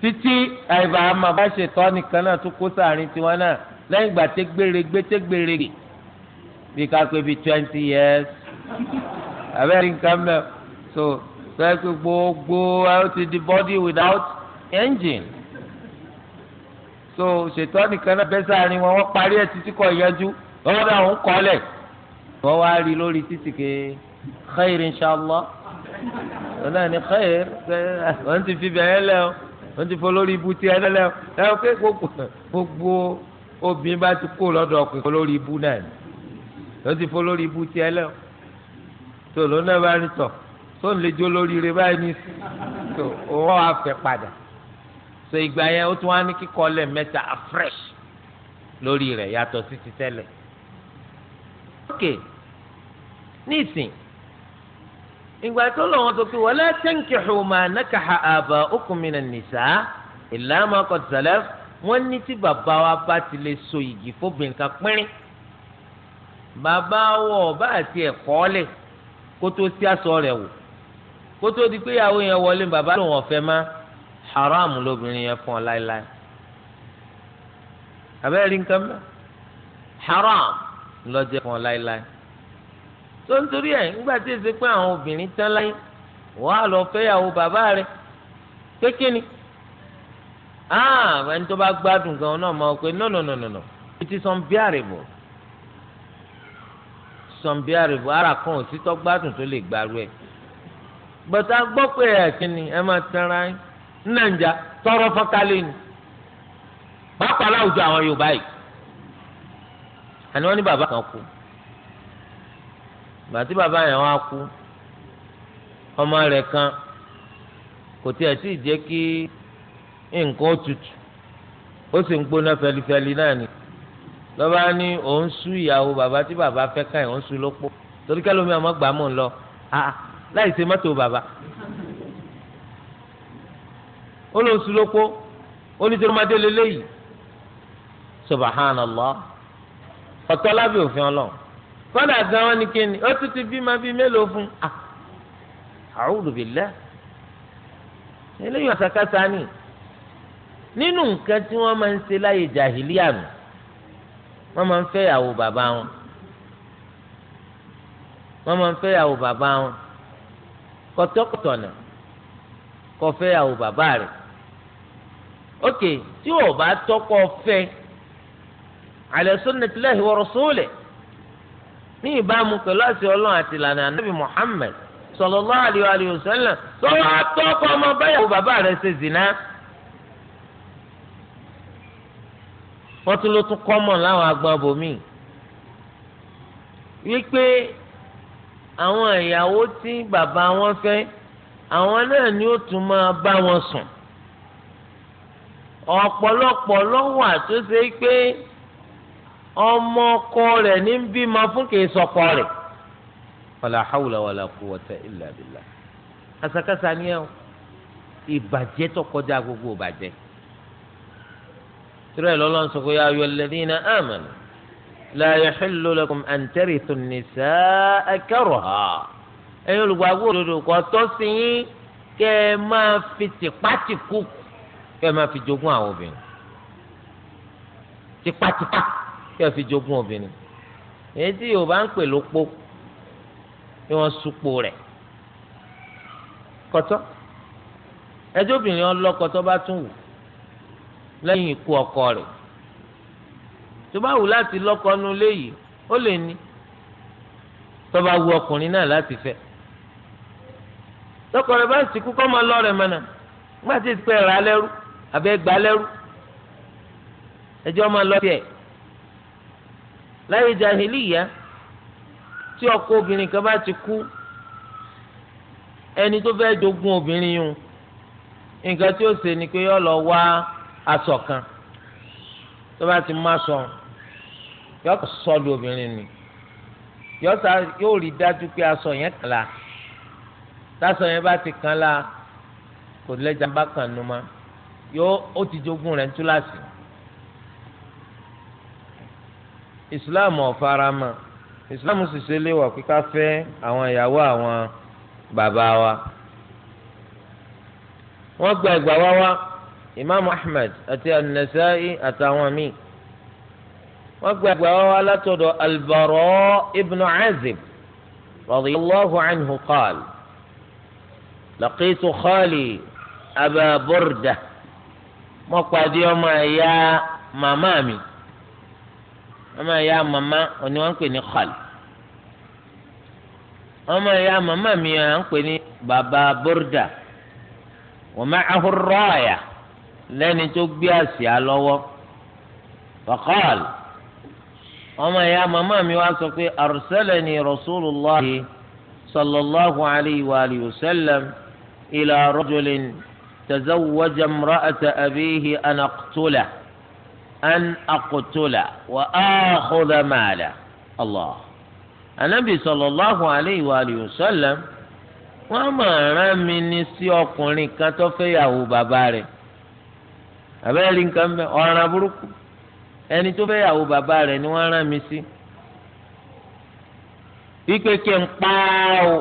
Speaker 1: títí àìbá àmà bá ṣètọ́ nìkan náà tún kó sàárín tiwọn náà lẹ́yìn ìgbà tẹ́gbèrègbè tẹ́gbèrègbè bí ká pé bíi twenty years abẹ́rẹ́ nǹkan mẹ́ so fẹ́ẹ́ pé gbogbo ó ti di body without engine so ṣètọ́ nìkan náà bẹ́ sàárín wọn wọ́n parí ẹ̀ títí kọ̀ ìyanjú lọ́wọ́ náà ń kọ́ lẹ̀ wọ́n wá rí lórí títì ké xeyir inṣàlá wọn náà ní xeyir wọn ti fi bẹ̀rẹ̀ lẹ o wọn ti fọ lórí ibu tiẹ̀ lẹ o ẹ o ké gbogbo obìnrin bá ti kó lọ́dọ̀ ọkùnrin lórí ibu náà ni wọn ti fọ lórí ibu tiẹ̀ lẹ o tó lóun náà bá rí tọ̀ tó ń lè jó lórí rẹ báyìí ní tó wọ́n á fẹ́ padà so ìgbà yẹn ó tún wá ní kíkọ́ lẹ̀ mẹ́ta afresh lórí rẹ̀ yàtọ̀ sí ti tẹ́lẹ̀. okay nísìn ìgbà tó lọ wọn sọ pé wala tankihu ma nakaha aba'ukum minan nisaa illa ma qad salaf wọn ní tí bàbá wa bá ti lè so igi fóbìnrin kan pínrín bàbá wọ ọba àti ẹkọ lẹ kótó sí aṣọ rẹ̀ wò kótó di pé ìyàwó yẹn wọlé bàbá lòun ọ̀fẹ́ má haram lóbìnrin yẹn fún ọ láéláé abẹ́rẹ́ nǹkan mẹ́ haram lọ́jẹ́ fún ọ láéláé tó ń torí ẹ̀ nígbà tí èsì pé àwọn obìnrin tán láyé wọ́n á lọ fẹ́yàwó bàbá rẹ̀ pé ni ah, ẹni tó bá gbádùn gan náà mọ̀ pé no no no no no it is unbearable unbearable ara kan ò sí tó gbádùn tó lè gbàrú ẹ̀ gbọ́tà gbọ́ pé ẹ̀ kí ni ẹ máa tẹ́ra ẹ̀ nàìjà tọrọ fọ́kálẹ̀ ni pàápàá láwùjọ àwọn Yorùbá yìí àni wọ́n ní bàbá kan kú gbàtí bàbá yẹn wá kú ọmọ rẹ̀ kan kò tiẹ̀ tí ì jẹ́ kí nǹkan ó tutù ó sì ń gbóná fẹlifẹli náà ni lọ́ba ní òun sú ìyàwó bàbá tí bàbá fẹ́ ká òun sú lópó torí kẹ́lómi ọmọ gbà mọ̀ ń lọ láì ṣe mọ́tò bàbá ó lọ sú lópó ó ní torí ọmọdé lélẹ́yìí subahánàlá ọ̀tọ́ lábẹ́ òfin ọlọ́run kọ́dà gan wọn ni kíni ó tún ti bímọ bíi mélòó fún un a'udhu billah eléyìí àtàkàtà ni nínú nǹkan tí wọ́n máa ń ṣe láyé jàhìlíà nù wọ́n máa ń fẹ́ ìyàwó bàbá wọn wọ́n máa ń fẹ́ ìyàwó bàbá wọn kọ́tọ́kọ̀tọ̀nà kọ́ fẹ́ ìyàwó bàbá rẹ̀ ókè tí ò bá tọ́kọ̀ fẹ́ ala sunnatillahi wa rasulih. ní ìbámu pẹ̀lú àti ọlọ́run àti ìlànà ànábì Muhammad sallallahu alaihi wa sallam tọ́wọ́ àtọ́kọ́ ọmọ báyàwó bàbá rẹ̀ ṣe zìnà. wọ́n tún ló tún kọ́mọ̀ láwọn agbọ́n bòmí. wípé àwọn ìyàwó tí bàbá wọn fẹ́ àwọn náà ni ó tún máa bá wọn sùn. ọ̀pọ̀lọpọ̀ lọ́wọ́ àtúnṣe pé. ọmọ ọkọ rẹ̀ ní ń bímọ fún kì í sọkọ rẹ̀ wàlà hàwùlà wàlà quwwata illa billah àsakásá ni ẹ ìbàjẹ́ tó kọjá gbogbo ìbàjẹ́ tirẹ̀ lọ́lọ́run sọ pé ayọ̀ alladhina amanu la yahillu lakum an tarithu an-nisaa karha ẹ̀yin olùgbàgbọ́ òdodo kò tọ́ sí yín kẹ́ ẹ máa fi tìpátìkù kẹ́ ẹ máa fi jogún àwọn obìnrin tìpátìpá kí ẹ fi jogún obìnrin èyí tí yorùbá ń pè lópó ni wọ́n súpó rẹ̀ kọ́tọ́ ẹjọ́ obìnrin ọlọ́kọ tó bá tún wù lẹ́yìn ikú ọkọ rẹ̀ tó bá wù láti lọ́kọ nu léyìí ó lè ní
Speaker 2: tó bá wù ọkùnrin
Speaker 1: náà láti fẹ́ lọ́kọ rẹ̀ bá sì kú kọ́ máa lọ rẹ̀ mọ́nà nígbà tí ìsìnkú ẹ̀ rà lẹ́rú àbẹ́ gbà lẹ́rú ẹjọ́ máa lọ tiẹ̀ láyé jahiliya tí ọkọ obìnrin kan bá ti kú ẹni tó fẹ́ jogún obìnrin yìí nǹkan tí ó ṣe ni pé yọ lọ wá aṣọ kan tó bá ti má sọ yọ sọlù obìnrin ni yọ sá yóò rí dájú pé aṣọ yẹn kàn la tásọ yẹn bá ti kàn la kò lẹ́jà bá kàn nu ma yóò ó ti jogún rẹ̀ ń islam ọ̀farama islam sì ṣe léwà kíká fẹ́ àwọn ìyàwó àwọn bàbá wa. wọ́n gba ẹgbàá wá wá imaamu ahmed àti anasai àtàwọn míì wọ́n gba ẹgbàá wá wá látọ̀dọ̀ albaro ibn azib radiyallahu anhu qaal laqitu khali aba burda ọmọ ẹ̀yà màmá mi ọmọ ìyá màmá òní wọ́n ń pè ní khali ọmọ ìyá màmá mi à ń pè ní bàbá bọ́rdà wọ́n máa ahọ́rọ́ àyà lẹ́ni tó gbé àsíá lọ́wọ́ faqal ọmọ ìyá màmá mi wá sọ pé arsalani rasulullah sallallahu alayhi wa alihi wa sallam ila rajulin tazawwaja imra'ata abihi an an akutula wa akhudha mala allah anabi sallallahu alayhi wa alihi wa sallam wọ́n máa rán mi ní sí ọkùnrin kan tó fẹ́ yàwó bàbá rẹ̀ abẹ́rẹ́ nǹkan bẹ́ẹ̀ ọ̀ràn burúkú ẹni tó fẹ́ yàwó bàbá rẹ̀ ni wọ́n rán mi sí wípé kí n pa o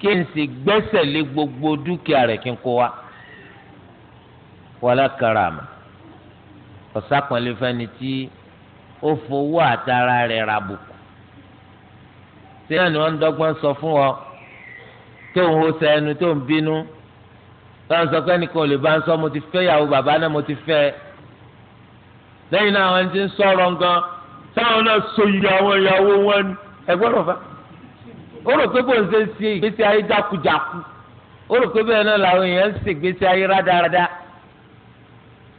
Speaker 1: kí n sì gbẹ́sẹ̀ lé gbogbo dúkìá rẹ̀ kí n kó wa wala karama ọ̀sàpọ̀nlé fẹ́ni tí ó fowó àtàrà rẹ̀ ra bùkù ṣé náà ni wọ́n ń dọ́gbọ́n sọ fún ọ tó ń hó sẹ́nu tó ń bínú tó ń sọ pé ẹnìkan ò lè bá ń sọ mo ti fẹ́ ìyàwó bàbá náà mo ti fẹ́ lẹ́yìn náà àwọn ti ń sọ̀rọ̀ gan táwọn náà so iye àwọn ìyàwó wọn ni ẹ gbọ́dọ̀ fa ó rò pé bó ń ṣe ṣe ìgbésí ayé jákujàku ó rò pé bẹ́ẹ̀ náà làwọn èèyàn ń ṣègbésí ayé rádaràda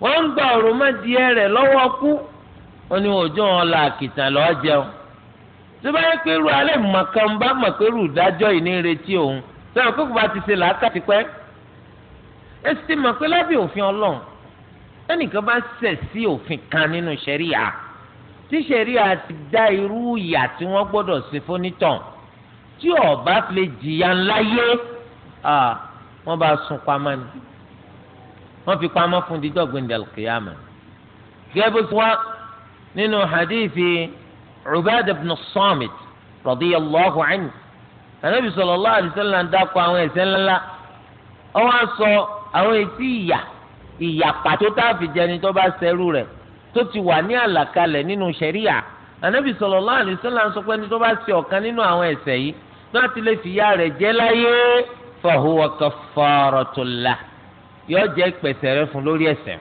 Speaker 1: wọ́n ń gba ọ̀rọ̀ mọ́dìẹ rẹ̀ lọ́wọ́ kú wọ́n ní òjò wọn la àkìtàn lọ́ọ́ jẹun tó bá yẹ pé irú alẹ́ mọ̀kan bá mọ̀ pé irú ìdájọ́ yìí ní retí òun sọ̀rọ̀ kókò bá ti ṣe làákà tipẹ́ ẹ sì ti mọ̀ pé lábẹ́ òfin ọlọ́run ẹnìkan bá ṣẹ̀ sí òfin kan nínú ṣẹ̀ríà tí ṣẹ̀ríà ti dá irú ìyà tí wọ́n gbọ́dọ̀ ṣe fónítàn tí ọ̀bá fi lè jìyà ńláyé wọ́n bá sun pamọ́ ni wọ́n fi pamọ́ fún dídọ́ gbẹ̀ndẹ̀ alqiyama. gẹ́gẹ́ tó wá nínú hadithi Ubadah ibn Samit radiyallahu anhu anabi sallallahu alaihi wasallam ń dákọ àwọn ẹ̀ṣẹ̀ ńláńlá ọwọ́ sọ àwọn etí ìyà ìyà pàtó tá a fi jẹni tó bá ṣerú rẹ̀ tó ti wà ní àlàkalẹ̀ nínú ṣẹ̀ríà anabi sallallahu alaihi wasallam ń sọ pé ẹni tó bá ṣe ọ̀kan nínú àwọn ẹ̀ṣẹ̀ yìí láti lè fìyà rẹ̀ jẹ láyé fa huwa kafaratul yọ jẹ́ pẹ̀sẹ̀ rẹ fún lórí ẹ̀ṣẹ̀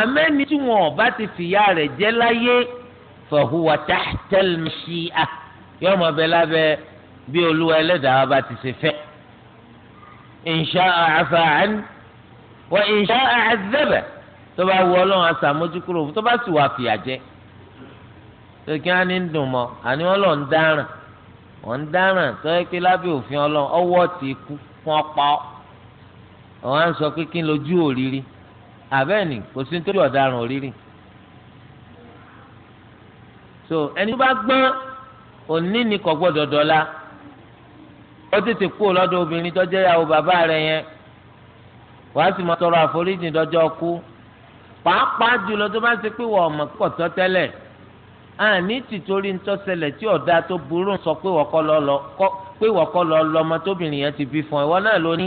Speaker 1: amẹ́ni tí wọn ọba ti fìyà rẹ̀ jẹ láyé fahuwa tahtal mashi'ah yọ ọmọ bẹ lábẹ́ bí olúwa ẹlẹ́dàá bá ti ṣe fẹ́ in sha'a afa an wa in sha'a azaba tó bá wù ọlọ́run aṣàmójúkúrò tó bá sì wà fìyà jẹ tó kí ní ń dùn mọ́ àní wọn dáràn wọn dáràn tó yẹ pé lábẹ́ òfin ọlọ́run ọwọ́ ti kú fún ọ̀pọ̀ àwọn à ń sọ pé kí n lójú òrírí àbẹ́ẹ̀nì kò sí nítorí ọ̀daràn òrírí so ẹni tó bá gbọ́n òní ni kò gbọ́dọ̀ dọ́la ó tètè kúrò lọ́dọ̀ obìnrin tó jẹ́ ìyàwó bàbá rẹ̀ yẹn wàá sì mọ tọrọ àforíjì dọjọ́ kú pàápàá jùlọ tó bá ṣe pé wọ́n ọmọ pọ̀ tọ́ tẹ́lẹ̀ àní tìtorí ńtọ́sẹlẹ̀ tí ọ̀dà tó burú sọ pé wọ́kọ́ lọ lọ pé wọ́kọ́ lọ lọ ọmọ tóbìnrin yẹn ti bí fún ẹ wọ́n náà lóní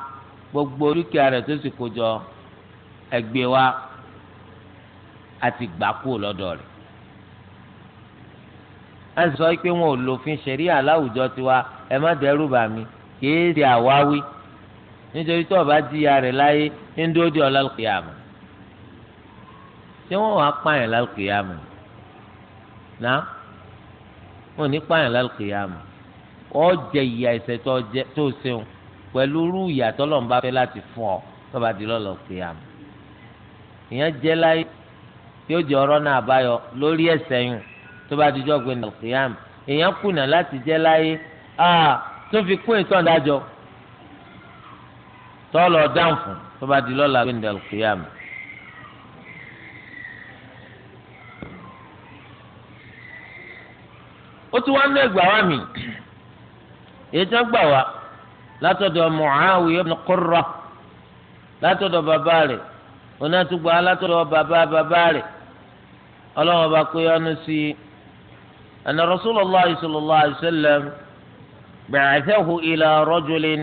Speaker 1: gbogbo dúkìá rẹ̀ tó sì kó jọ ẹgbẹ́ wa a ti gbà kúrò lọ́dọ̀ rẹ̀ a sọ pé wọn ò lòfin ṣẹ̀ríà láwùjọ tiwa ẹ má dẹ́rù bà mí kìí ṣe àwáwí nítorí tó o bá di ìyá rẹ̀ láyé ń dúró di ọlọ́lùkìyàmù ṣé wọ́n wàá pààyàn lálùkìyàmù náà wọ́n ò ní pààyàn lálùkìyàmù ọ jẹ ìyà ẹ̀ṣẹ̀ tó ṣeun pẹ̀lú irú ìyàtọ̀ lọ́n bá fẹ́ láti fún ọ tó bá di lọ́lọ́ kéèyàn ìyẹn jẹ́ láyé yóò jẹ́ ọ̀rọ̀ náà àbáyọ lórí ẹ̀ṣẹ̀ yùn tó bá di jọ́gbìn lọ́lọ́ kéèyàn ìyẹn kùnà láti jẹ́ láyé ah tó fi kún ìtàn dájọ́ tọ́lọ̀ dáhùn fún tó bá di lọ́la gbé ndẹ̀lù kìyàmù. ó tún wá ń lé ẹgbàá wa mi èyí tí wọ́n gbà wá látọ̀dọ̀ Muawiya ibn Qurra látọ̀dọ̀ bàbá rẹ̀ onátúgbà látọ̀dọ̀ bàbá bàbá rẹ̀ ọlọ́wọ́n bá pé ọ́nù sí i ana Rasulullah sallallahu alaihi wasallam ba'athahu ila rajulin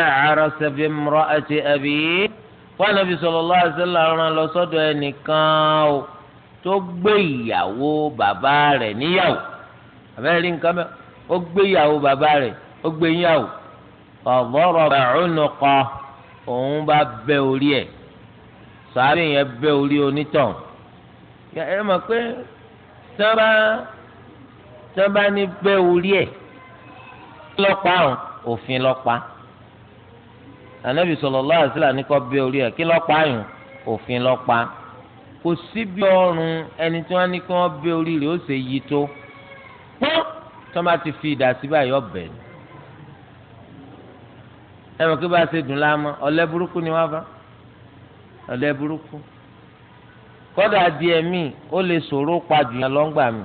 Speaker 1: a'rasa bi imra'ati abiy fún anabi sallallahu alaihi wasallam rán lọ sọ́dọ̀ ẹnìkan o tó gbé ìyàwó bàbá rẹ̀ ó gbé fàvọ́rọ̀bà ọ̀nùkọ òun bá bẹ́ orí ẹ̀ sàárè yẹn bẹ́ orí onítàn ẹ mọ̀ pé tẹ́bá tẹ́bá ní bẹ́ orí ẹ̀ lọ́pàá òfin lọ́pàá ànábì sallallahu alaihi wasallam ní kọ́ bẹ́ orí ẹ̀ kí lọ́pàá yùn òfin lọ́pàá kò síbi ọrùn ẹni tí wọ́n ní kí wọ́n bẹ́ orí rẹ̀ ó ṣe yí tó pọ́n tí wọ́n bá ti fi ìdásí báyìí ọ̀bẹ̀ ni. ẹ kí bá a ṣe dùn láàmú ọlẹ burúkú ni wọ́n bá ọlẹ burúkú kọ́dà díẹ̀ míì ó lè ṣòro pa yẹn lọ́ngbà mi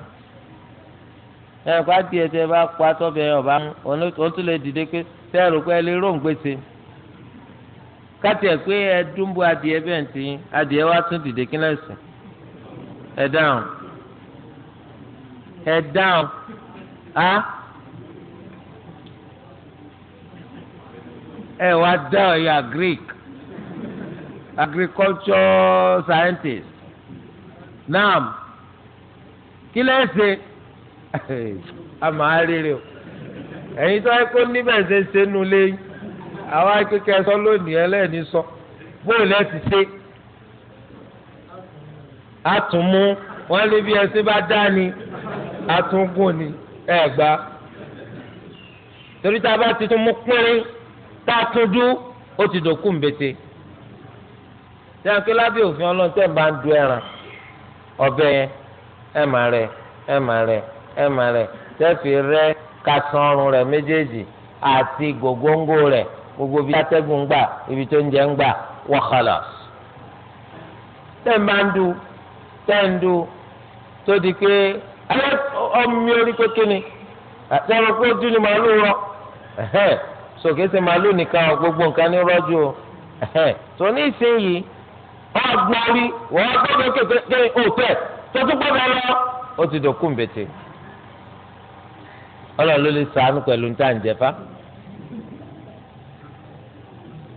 Speaker 1: ẹ kó adìẹ tẹ bá pa tọ́bẹ̀ yẹn ọ̀bá mú o tún lè dìde pé tẹ́ ẹ rò pé ẹ lè rón gbèsè káti ẹ pé ẹ dúnbó adìẹ bẹ́ẹ̀ ti adìẹ wá tún dìde kí lẹ́sìn ẹ dáhùn ẹ dáhùn á. Ah? ẹ wá dá ọ̀yà Greek agriculture scientist naam kí lẹ́ ṣe a máa rere o ẹ̀yin tó ẹ kó níbẹ̀ ṣe ṣe nu léyìn àwa kékeré sọ lónìí ẹlẹ́ni sọ bóyá lẹ́ ti ṣe àtúnmú wọ́n lé bí ẹṣin bá dá ni àtúngùn ni ẹ gbà torí tá a bá ti tún mú pínrín tá a tún ti dòkú mbete tí a ké lábẹ́ òfin ọlọ́run tẹ́ ẹ̀ bá ń du ẹran ọbẹ̀ yẹn ẹ̀ máa rẹ̀ ẹ̀ máa rẹ̀ ẹ̀ máa rẹ̀ tẹ́fì rẹ́ kásán rẹ̀ méjèèjì àti gògóńgò rẹ̀ gbogbo bí atẹ́gùn ń gbà ibi tó ń jẹ́ ń gbà wọ́kàlá tẹ́ ẹ̀ bá ń du tẹ́ ẹ̀ ń du tó di pé ọmọ mi orí kékeré àti ọmọ pé ó màálù rọ sòkè sí màálù nìkan gbogbo nǹkan ní rọ́jú o tó ní ìsinyìí
Speaker 2: wọ́n gbọ́ rí wọ́n gbọ́dọ̀ kékeré òtẹ́ tó tún gbọ́dọ̀ lọ
Speaker 1: ó ti dòkú mbètè ọlọ́run ló lè ṣàánú pẹ̀lú ní tàǹjẹ̀fá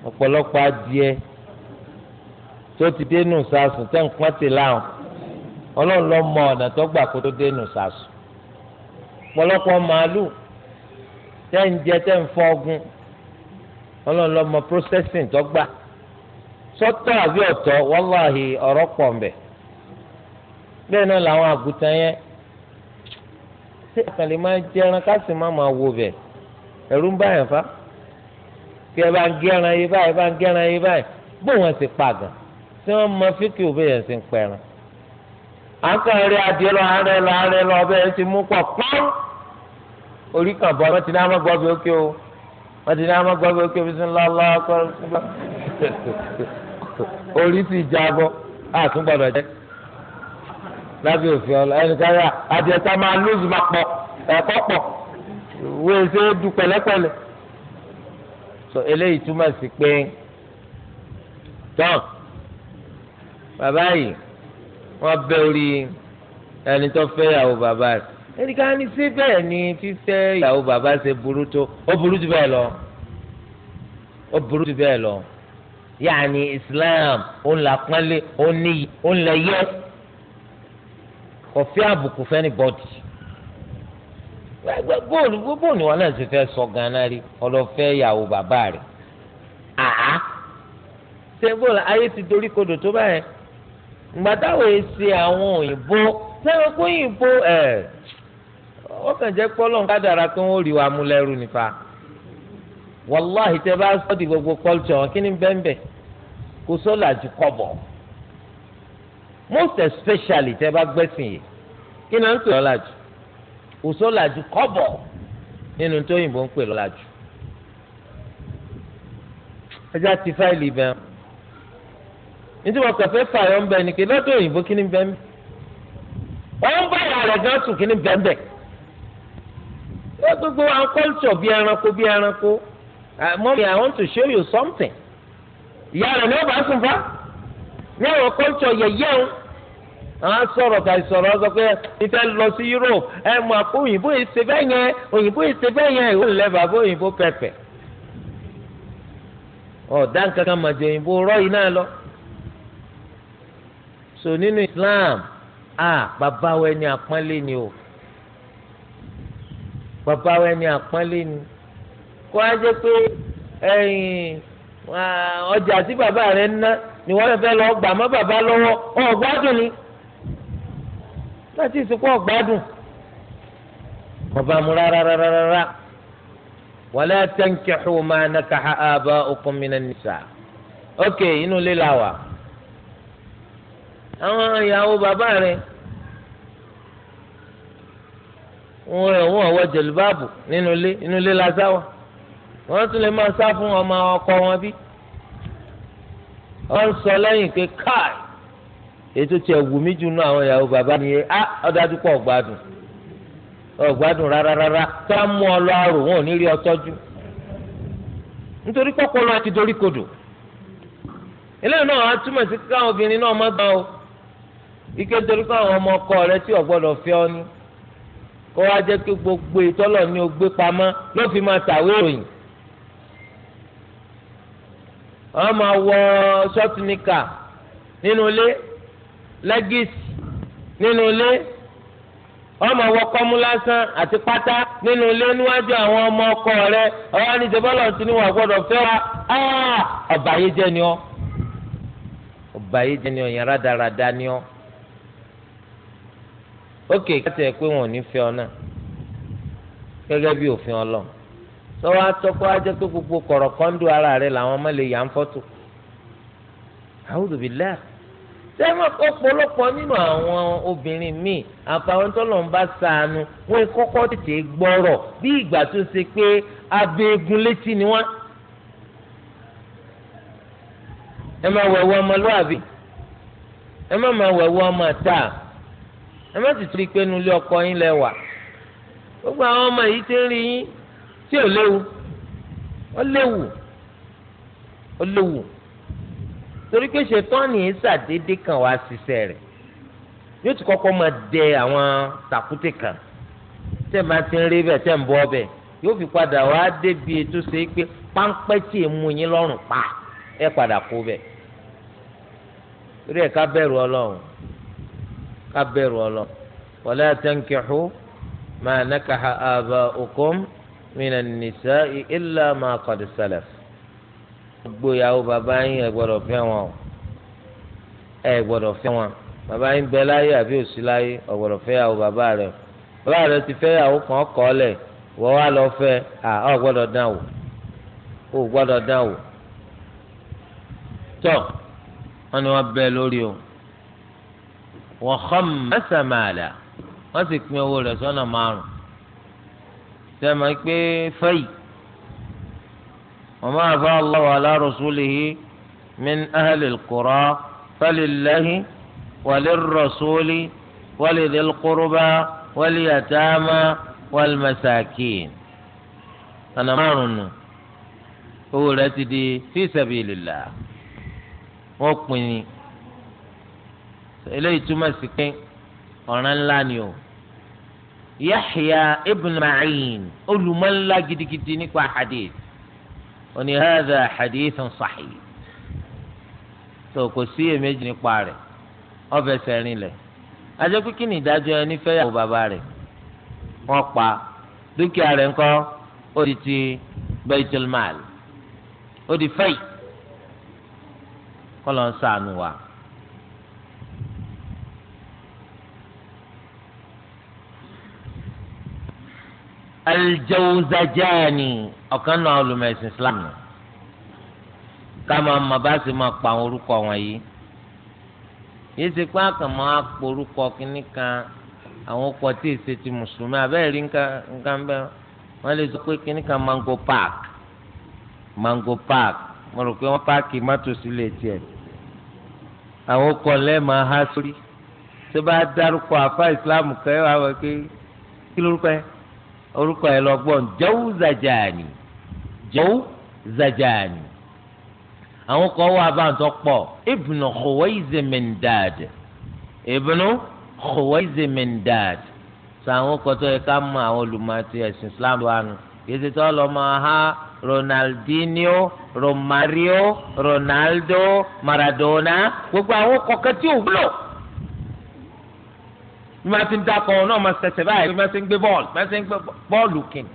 Speaker 1: ọ̀pọ̀lọpọ̀ adìẹ tó ti dénú sàásùn tẹ́ nǹkan ti láwọn ọlọ́run ló mọ ọ̀nà tó gbà kó tó dénú sàásùn ọ̀pọ̀lọpọ̀ màálù tẹ́ ń jẹ tẹ́ ń fọ́ ọgùn ọlọ́run lọ́mọ processing tó gbà sọ́tọ̀ àbí ọ̀tọ̀ wàláhì ọ̀rọ̀ pọ̀ ń bẹ̀ bẹ́ẹ̀ náà làwọn àgùntàn yẹn ṣé àkànlè máa jẹ ẹran ká sì má máa wo bẹ̀ ẹ̀rú ń báyàn fa kí ẹ bá ń gé ẹran yìí báyìí bá ń gé ẹran yìí báyìí bóun ẹ̀ sì pa gàn tí wọ́n mọ fíkì òbí yẹn sì ń pẹ̀ràn akọ̀rẹ́ adìẹ lọ arẹ lọ arẹ lọ ọbẹ̀ yẹn ti mú pọ̀ pọ́n orí kan bọ̀ ọ́ wọ́n ti ní àwọn gbọ́dọ̀ kí ebísí ńlá ọlọ́ orí ti já bọ́ àtún gbọ́dọ̀ jẹ́ lábẹ́ òfin ọlọ ẹnìkan yà àdìẹ̀ta máa lóòzù máa pọ̀ ẹ̀kọ́ pọ̀ wọ́n ṣe é du pẹ̀lẹ́pẹ̀lẹ́ so eléyìí túmọ̀ sí pé tán bàbá yìí wọ́n bẹ́ orí ẹni tó fẹ́ yàwó bàbá rẹ̀ ẹnìkan ní síbẹ̀ ni fífẹ́ ìyàwó bàbá ṣe burú tó ó burú jù bẹ́ẹ̀ lọ ó burú jù bẹ́ẹ̀ lọ yaani Islam ó ń la pọ́nlé ó ń níyì ó ń lẹ yẹ kò fi àbùkù fẹ́ni bọ́dì bóòlù bóòlù wọn náà ti fẹ́ sọ ganan rí ọlọ́fẹ́ ìyàwó bàbá rẹ̀ àá ṣe bóòlù ayé ti dorí kodò tó báyẹn gbàdáwò ṣe àwọn òyìnbó sẹ́wọ́n kó òyìnbó ẹ̀. Eh, ó kàn jẹ́ pọ́lọ́n kádàrà pé wọ́n rí wa mú lẹ́rú nípa wàláhì tẹ bá sọ́ọ̀dì gbogbo kọ́ltsọ̀ wọn kí ni bẹ́ẹ̀nbẹ́ kò sọ́ọ̀là most especially tẹ bá gbẹ́sìn yìí kí ni à ń pè lọ́la jù kò sọ́ọ̀là ju kọ́bọ̀ nínú tóyìnbó ń pè lọ́la jù ẹjá ti fáìlì bẹ́ẹ̀ nítorí wọn kẹfẹ́ fààyàn bẹ́ẹ̀ ni kí lọ́dọ̀ òyìnbó kí ni bẹ́ẹ̀ wọ́n ń bá rẹ̀ gán wọ́n gbogbo àwọn culture bíi ẹranko bíi ẹranko uh, mọ́mí I want to show you something ìyá rẹ̀ ní ọba sùn fa ní àwọn culture yẹ̀yẹ́ o àwọn sọ̀rọ̀ kà sọ̀rọ̀ sọ pé ìfẹ́ lọ sí Europe ẹ mọ̀ àpò òyìnbó yìí ṣe bẹ́ẹ̀ yẹn òyìnbó yìí ṣe bẹ́ẹ̀ yẹn ìwé ìlẹ̀ bàbá òyìnbó pẹ̀pẹ̀ ọ̀dà kankan màjọ òyìnbó rọ́ọ̀yì náà lọ. so nínú Islam ah bàbá wa ẹni àpọ́nlé ni o bàbá wa ẹni àpọ́nlé ni kó wá jẹ́ pé ọjà tí bàbá rẹ̀ ń ná ni wọ́n fẹ́ lọ gbà mọ́ bàbá lọ́wọ́ ọ̀gbádùn ni láti ìsìnkú ọ̀gbádùn bàbá mu rárá rárá rárá wala tankihu ma nakaha aba'ukum minan nisa ok inú lílà wà àwọn ìyàwó bàbá rẹ̀. wọn ò wọn wọ jẹlibáàbù nínú ilé inú ilé lazawa. wọn tún lè máa sá fún ọmọ ọkọ wọn bí wọn sọ lẹ́yìn pé káì ètò tiẹ̀ wù mí jù nù àwọn ìyàwó bàbá mi á ọdájú pọ ọgbádùn ọgbádùn rárá rárá tá a mú ọ lọ àrò wọn ò ní ike káwọn ọmọ ọkọ rẹ tí kó wá jẹ́ kí gbogbo ìtọ́lọ̀ ní o gbé pamọ́ ló fi máa tàwé ìròyìn. wọ́n máa wọ ṣọ́tìníkà nínú ilé lẹ́gìsì nínú ilé wọ́n máa wọ kọ́mú lásán àti pátá nínú ilé níwájú àwọn ọmọ ọkọ rẹ ọ̀rọ̀ ní ìjọbọ́lọ̀ tí wọ́n gbọ́dọ̀ fẹ́ wa ọ̀bàyéjẹ́ ni ọ́ ọ̀bàyéjẹ́ ni ọ́ yẹn rádaràda ni ọ́ ókè káti ẹ pé wọn ò ní fẹ́ ọ náà gẹ́gẹ́ bí òfin Ọlọ́run sọwọ atọkọ ajẹ pé gbogbo kọ̀rọ̀ kọńdù ara rẹ làwọn ọmọ lè yà ń fọ́tò àwùjọbílẹ sẹ́wọ̀n ọ̀pọ̀lọpọ̀ nínú àwọn obìnrin míì àfàwọn tọ́lọ̀ ń bá sànù wọ́n kọ́kọ́ tètè gbọ́rọ̀ bí ìgbà tó ṣe pé abẹ́gun létí ni wọ́n. ẹ máa wẹ̀wọ́ ọmọlúwàbí ẹ má máa wẹ̀wọ́ ọmọ táà ẹ má sì torí pé nulẹ ọkọ yín lẹ wà gbogbo àwọn ọmọ yìí ti ń rí yín tí ò léwu ó léwu ó léwu torí pé ṣètọ́nì yìí ṣàdédé kan wá ṣiṣẹ́ rẹ̀ yóò ti kọ́kọ́ máa dẹ àwọn tàkúté kan tẹ́ ẹ bá ti ń rí bẹ́ẹ̀ tẹ́ ẹ ń bọ́ bẹ́ẹ̀ yóò fi padà wá débi ètò ṣe é pé páńpẹ́ tí èmu yín lọ́rùn pa ẹ padà kó bẹ́ẹ̀ torí ẹ̀ ká bẹ̀rù ọlọ́run ká bẹ̀rù ọlọ wala tankihu ma nakaha aba'ukum minan nisa'i illa ma qad salaf gbogbo ìyàwó bàbá yín ẹ gbọ́dọ̀ fẹ́ wọn o ẹ gbọ́dọ̀ fẹ́ wọn bàbá yín bẹ láyé àbí òsì láyé ọ gbọ́dọ̀ fẹ́ yàwó bàbá rẹ bàbá rẹ ti fẹ́ yàwó kan kọ lẹ wọ wá lọ fẹ́ ọ gbọ́dọ̀ dán wò ó gbọ́dọ̀ dán wò tọ wọn ni wọn bẹ lórí o wa khammasa mala wọ́n sì pín owó rẹ̀ sọ́nà márùn-ún sẹ́mi pé fẹ́yì wa ma afa Allahu ala rasulihi min ahli al-qura falillahi walirrasuli walidhil qurba walyatama walmasakin márùn-ún owó rẹ̀ ti di fi sabilillah wọ́n pín in eléyìí túmọ̀ sí pé ọ̀ràn ńlá ni o Yahya ibn Ma'in olùmọ̀ńlá gidigidi nípa hadith oní hadha hadithun sahih tó kò sí èméjì nípa rẹ̀ ọbẹ̀ sẹ́rin lẹ̀ ajẹ́ pé kí ni ìdájọ́ ẹni fẹ́ yàwó bàbá rẹ̀ wọ́n pa dúkìá rẹ̀ ńkọ́ ó di ti Baitul ó di fẹ́yì kọ́ ló ń wa. aljawzajani ọ̀kan náà olùmẹ̀sìn islam nù káma ma bá sì máa pa àwọn orúkọ wọn yìí yìí ṣe pé àkàn máa pọ orúkọ kínní kan àwọn ọkọ tí ì ṣe ti mùsùlùmí abẹ́rẹ́ rí nǹkan bẹ́ẹ̀ wọ́n lè sọ pé kínní kan mango park mango park mo rò pé wọ́n páàkì mọ́tò sílé tiẹ̀ àwọn ọkọ lẹ́ẹ̀ma há sórí tó bá dárúkọ àfa ìsìlámù kẹ́ wàá wọ pé kí orúkọ ẹ lọ gbọ́n jẹ́wú zajani jẹ́wú zajani àwọn kan wà báńtọ́ pọ̀ ibnu khuwaize mindad ibnu khuwaize mindad sọ àwọn kan tó yẹ ká mọ àwọn olùmọ̀tì ẹ̀sìn islam wa nù yìí tó lọ mọ ha ronaldinho romario ronaldo maradona gbogbo àwọn kọ̀ọ̀kan tí ò wúlò bí wọ́n ti ń dákọ náà máa ṣẹ̀ṣẹ̀ báyìí bí wọ́n ti ń gbé bọ́ọ̀lù bí wọ́n ti ń gbé bọ́ọ̀lù kìn.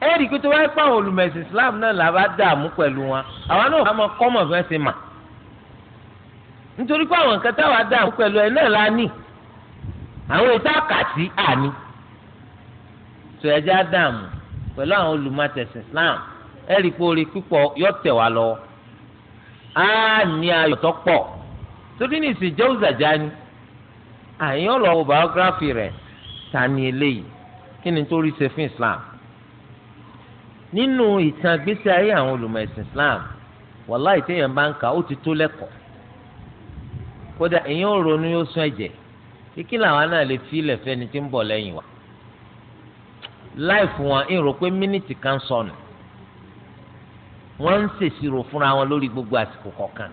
Speaker 1: ẹ rí i pé tó wáyé pa àwọn olùmẹ̀sìn Islam náà là bá dààmú pẹ̀lú wọn àwọn náà bá máa kọ́mọ̀ fẹ́ ṣe mà nítorí pé àwọn nǹkan táwa dààmú pẹ̀lú ẹ náà la ní àwọn ètò àkàtì àní tó ẹjẹ́ á dààmú pẹ̀lú àwọn olùmọ̀tẹ̀sìn Islam ẹ Jani àyàn ah, lọ wo biography rẹ̀ ta ni eléyìí kí ni torí ṣe fún Islam nínú ìtàn gbèsè ayé àwọn olùmọ̀ ẹ̀sìn Islam wàláì téèyàn bá ń kà ó ti tó lẹ́kọ̀ọ́ kódà èèyàn ò ronú yóò sún ẹ̀jẹ̀ kíkí làwọn náà lè fi ilẹ̀ fẹ́ni tí ń bọ̀ lẹ́yìn wa láìfù wọn ń rò pé mínítì kan sọnù wọ́n ń ṣèṣirò fúnra wọn lórí gbogbo àsìkò kọ̀ọ̀kan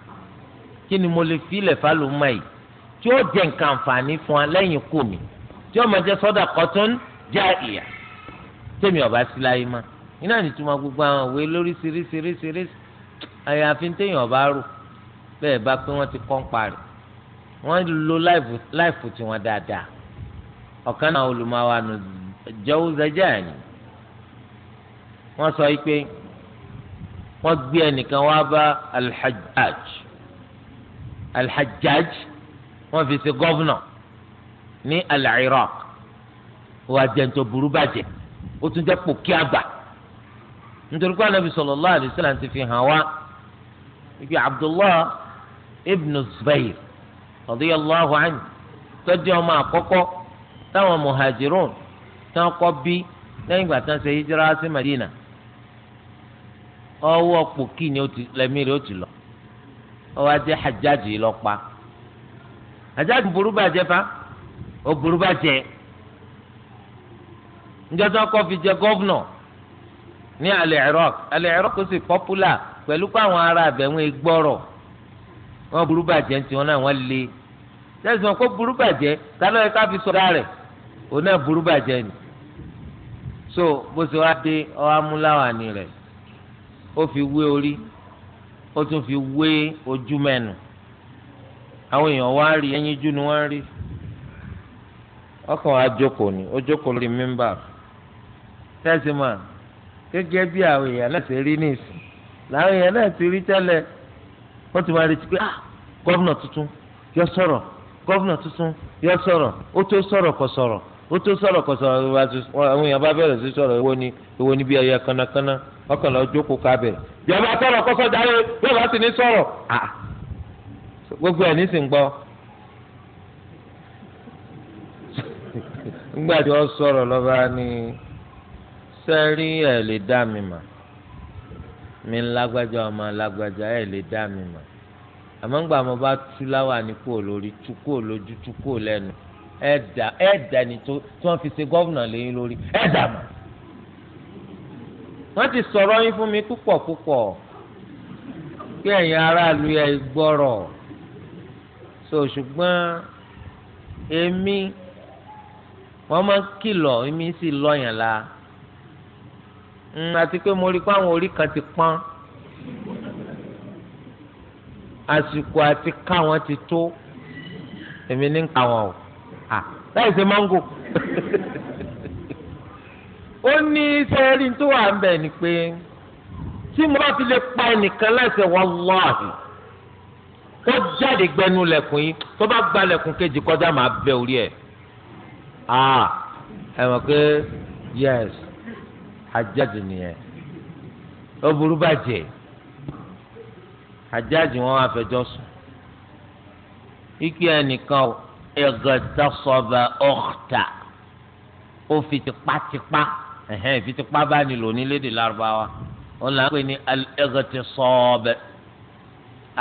Speaker 1: kí ni mo lè fi ilẹ̀ fálùmọ́ yìí tí ó jẹ nǹkan àǹfààní fún alẹ́yìn kù mi tí ọmọ jẹ sọ́dà kọ́tún jẹ́ ìyà tèmi ọ̀bá sí láyé má iná nìtumọ̀ gbogbo àwọn òwe lóríṣiríṣiríṣiríṣi àyàfi téèyàn ọ̀bá rò bẹ́ẹ̀ bá pé wọ́n ti kọ́ ń parí wọ́n lo láìfù tiwọn dáadáa ọ̀kan náà olùmọ̀wá nù jẹ́wọ́ wọ́n sọ pé wọ́n gbé ẹnìkan wá bá alhajjaj alhajjaj. wọ́n fi ṣe gọ́vnà ní al-Iraq wọ́n àjẹntò burú bàjẹ́ ó tún jẹ́ pòkí àgbà nítorí pé anabi fi hàn wá ibi Abdullah ibn Zubair radiyallahu anhu tó jẹ́ ọmọ àkọ́kọ́ táwọn muhajirun tí kọ́ bí lẹ́yìn ìgbà ṣe hijira sí Madina ọwọ́ ni ó ti àjáde burú bàjẹ́ fa ó burú bàjẹ́ njọ́tọ́ kọ́ fi jẹ gọ́vnọ̀ ní alẹ́ Iraq alẹ́ Iraq kò sì pọ́pùlà pẹ̀lú pé àwọn ará abẹ́wọn gbọ́rọ̀ wọn burú bàjẹ́ ntí wọn náà wọn lé sẹ́sìn kó burú bàjẹ́ kálọ́ yẹ fi sọ̀rọ̀ rẹ̀ òun náà burú bàjẹ́ ni so bó ṣe wá dé ọwọ́ amúláwání rẹ̀ ó fi wé orí ó tún fi wé ojú mẹ́nu. àwọn èèyàn wá rí ẹyin ni rí ọkàn wa ni ó jókòó lórí mímbà tẹ́sí mà gẹgẹ bí àwọn èèyàn náà ti rí nìsín làwọn èèyàn náà ti rí tele. wọ́n ti máa retí pé ah tuntun yọ sọrọ gọ́vnà tuntun yọ sọrọ ó tó sọrọ kò sọrọ ó tó sọrọ kò sọrọ àwọn èèyàn bá bẹ̀rẹ̀ sí ni ni bí ẹyẹ ọkàn lọ jókòó kábẹ̀ dáre sì ní gbogbo ẹ̀ nísìn gbọ́ nígbà tí wọ́n sọ̀rọ̀ lọ́ba ni sẹ́rí ẹ̀ lè dá mi mà mi lágbájá ọmọ lágbájá ẹ̀ lè dá mi mà àmọ́ ńgbà mo bá tú láwà ní kúò lórí tú kúò lójú tú kúò lẹ́nu ẹ̀dà ẹ̀dà ni tó tí wọ́n fi ṣe gọ́vùnà lẹ́yìn lórí ẹ̀dà mà wọ́n ti sọ̀rọ̀ yín fún mi púpọ̀ púpọ̀ kí ẹ̀yin aráàlú ẹ̀ gbọ́rọ̀ so ṣùgbọ́n èmi wọ́n máa kìlọ̀ èmi sì lọ́yàn la hmm, àti pé mo rí i pé àwọn orí kan ti pọ́n àsìkò àti ká wọn ti tó èmi ní ká o láì ṣe máńgò ó ní sẹ́ẹ̀rì tó wà ń bẹ̀ ni pé tí mo bá fi lè pa ẹnìkan láṣẹ wọ́n lọ́ọ̀hìn ó jáde gbẹnu lẹ̀kùn yìí tó bá gba lẹ̀kùn kejì kọjá máa bẹ orí ẹ̀ ah ẹ mọ̀ pé yes ajáde nìyẹn ó burú bàjẹ́ ajáde wọn wá fẹjọ́ sùn ike ẹnìkan ẹgẹtasọba ọkta ó fi tipátipá ẹhẹn fi tipá bá nílò nílẹ̀ èdè lárúbáwá ó là ń pè ní ẹgẹtasọba ọkta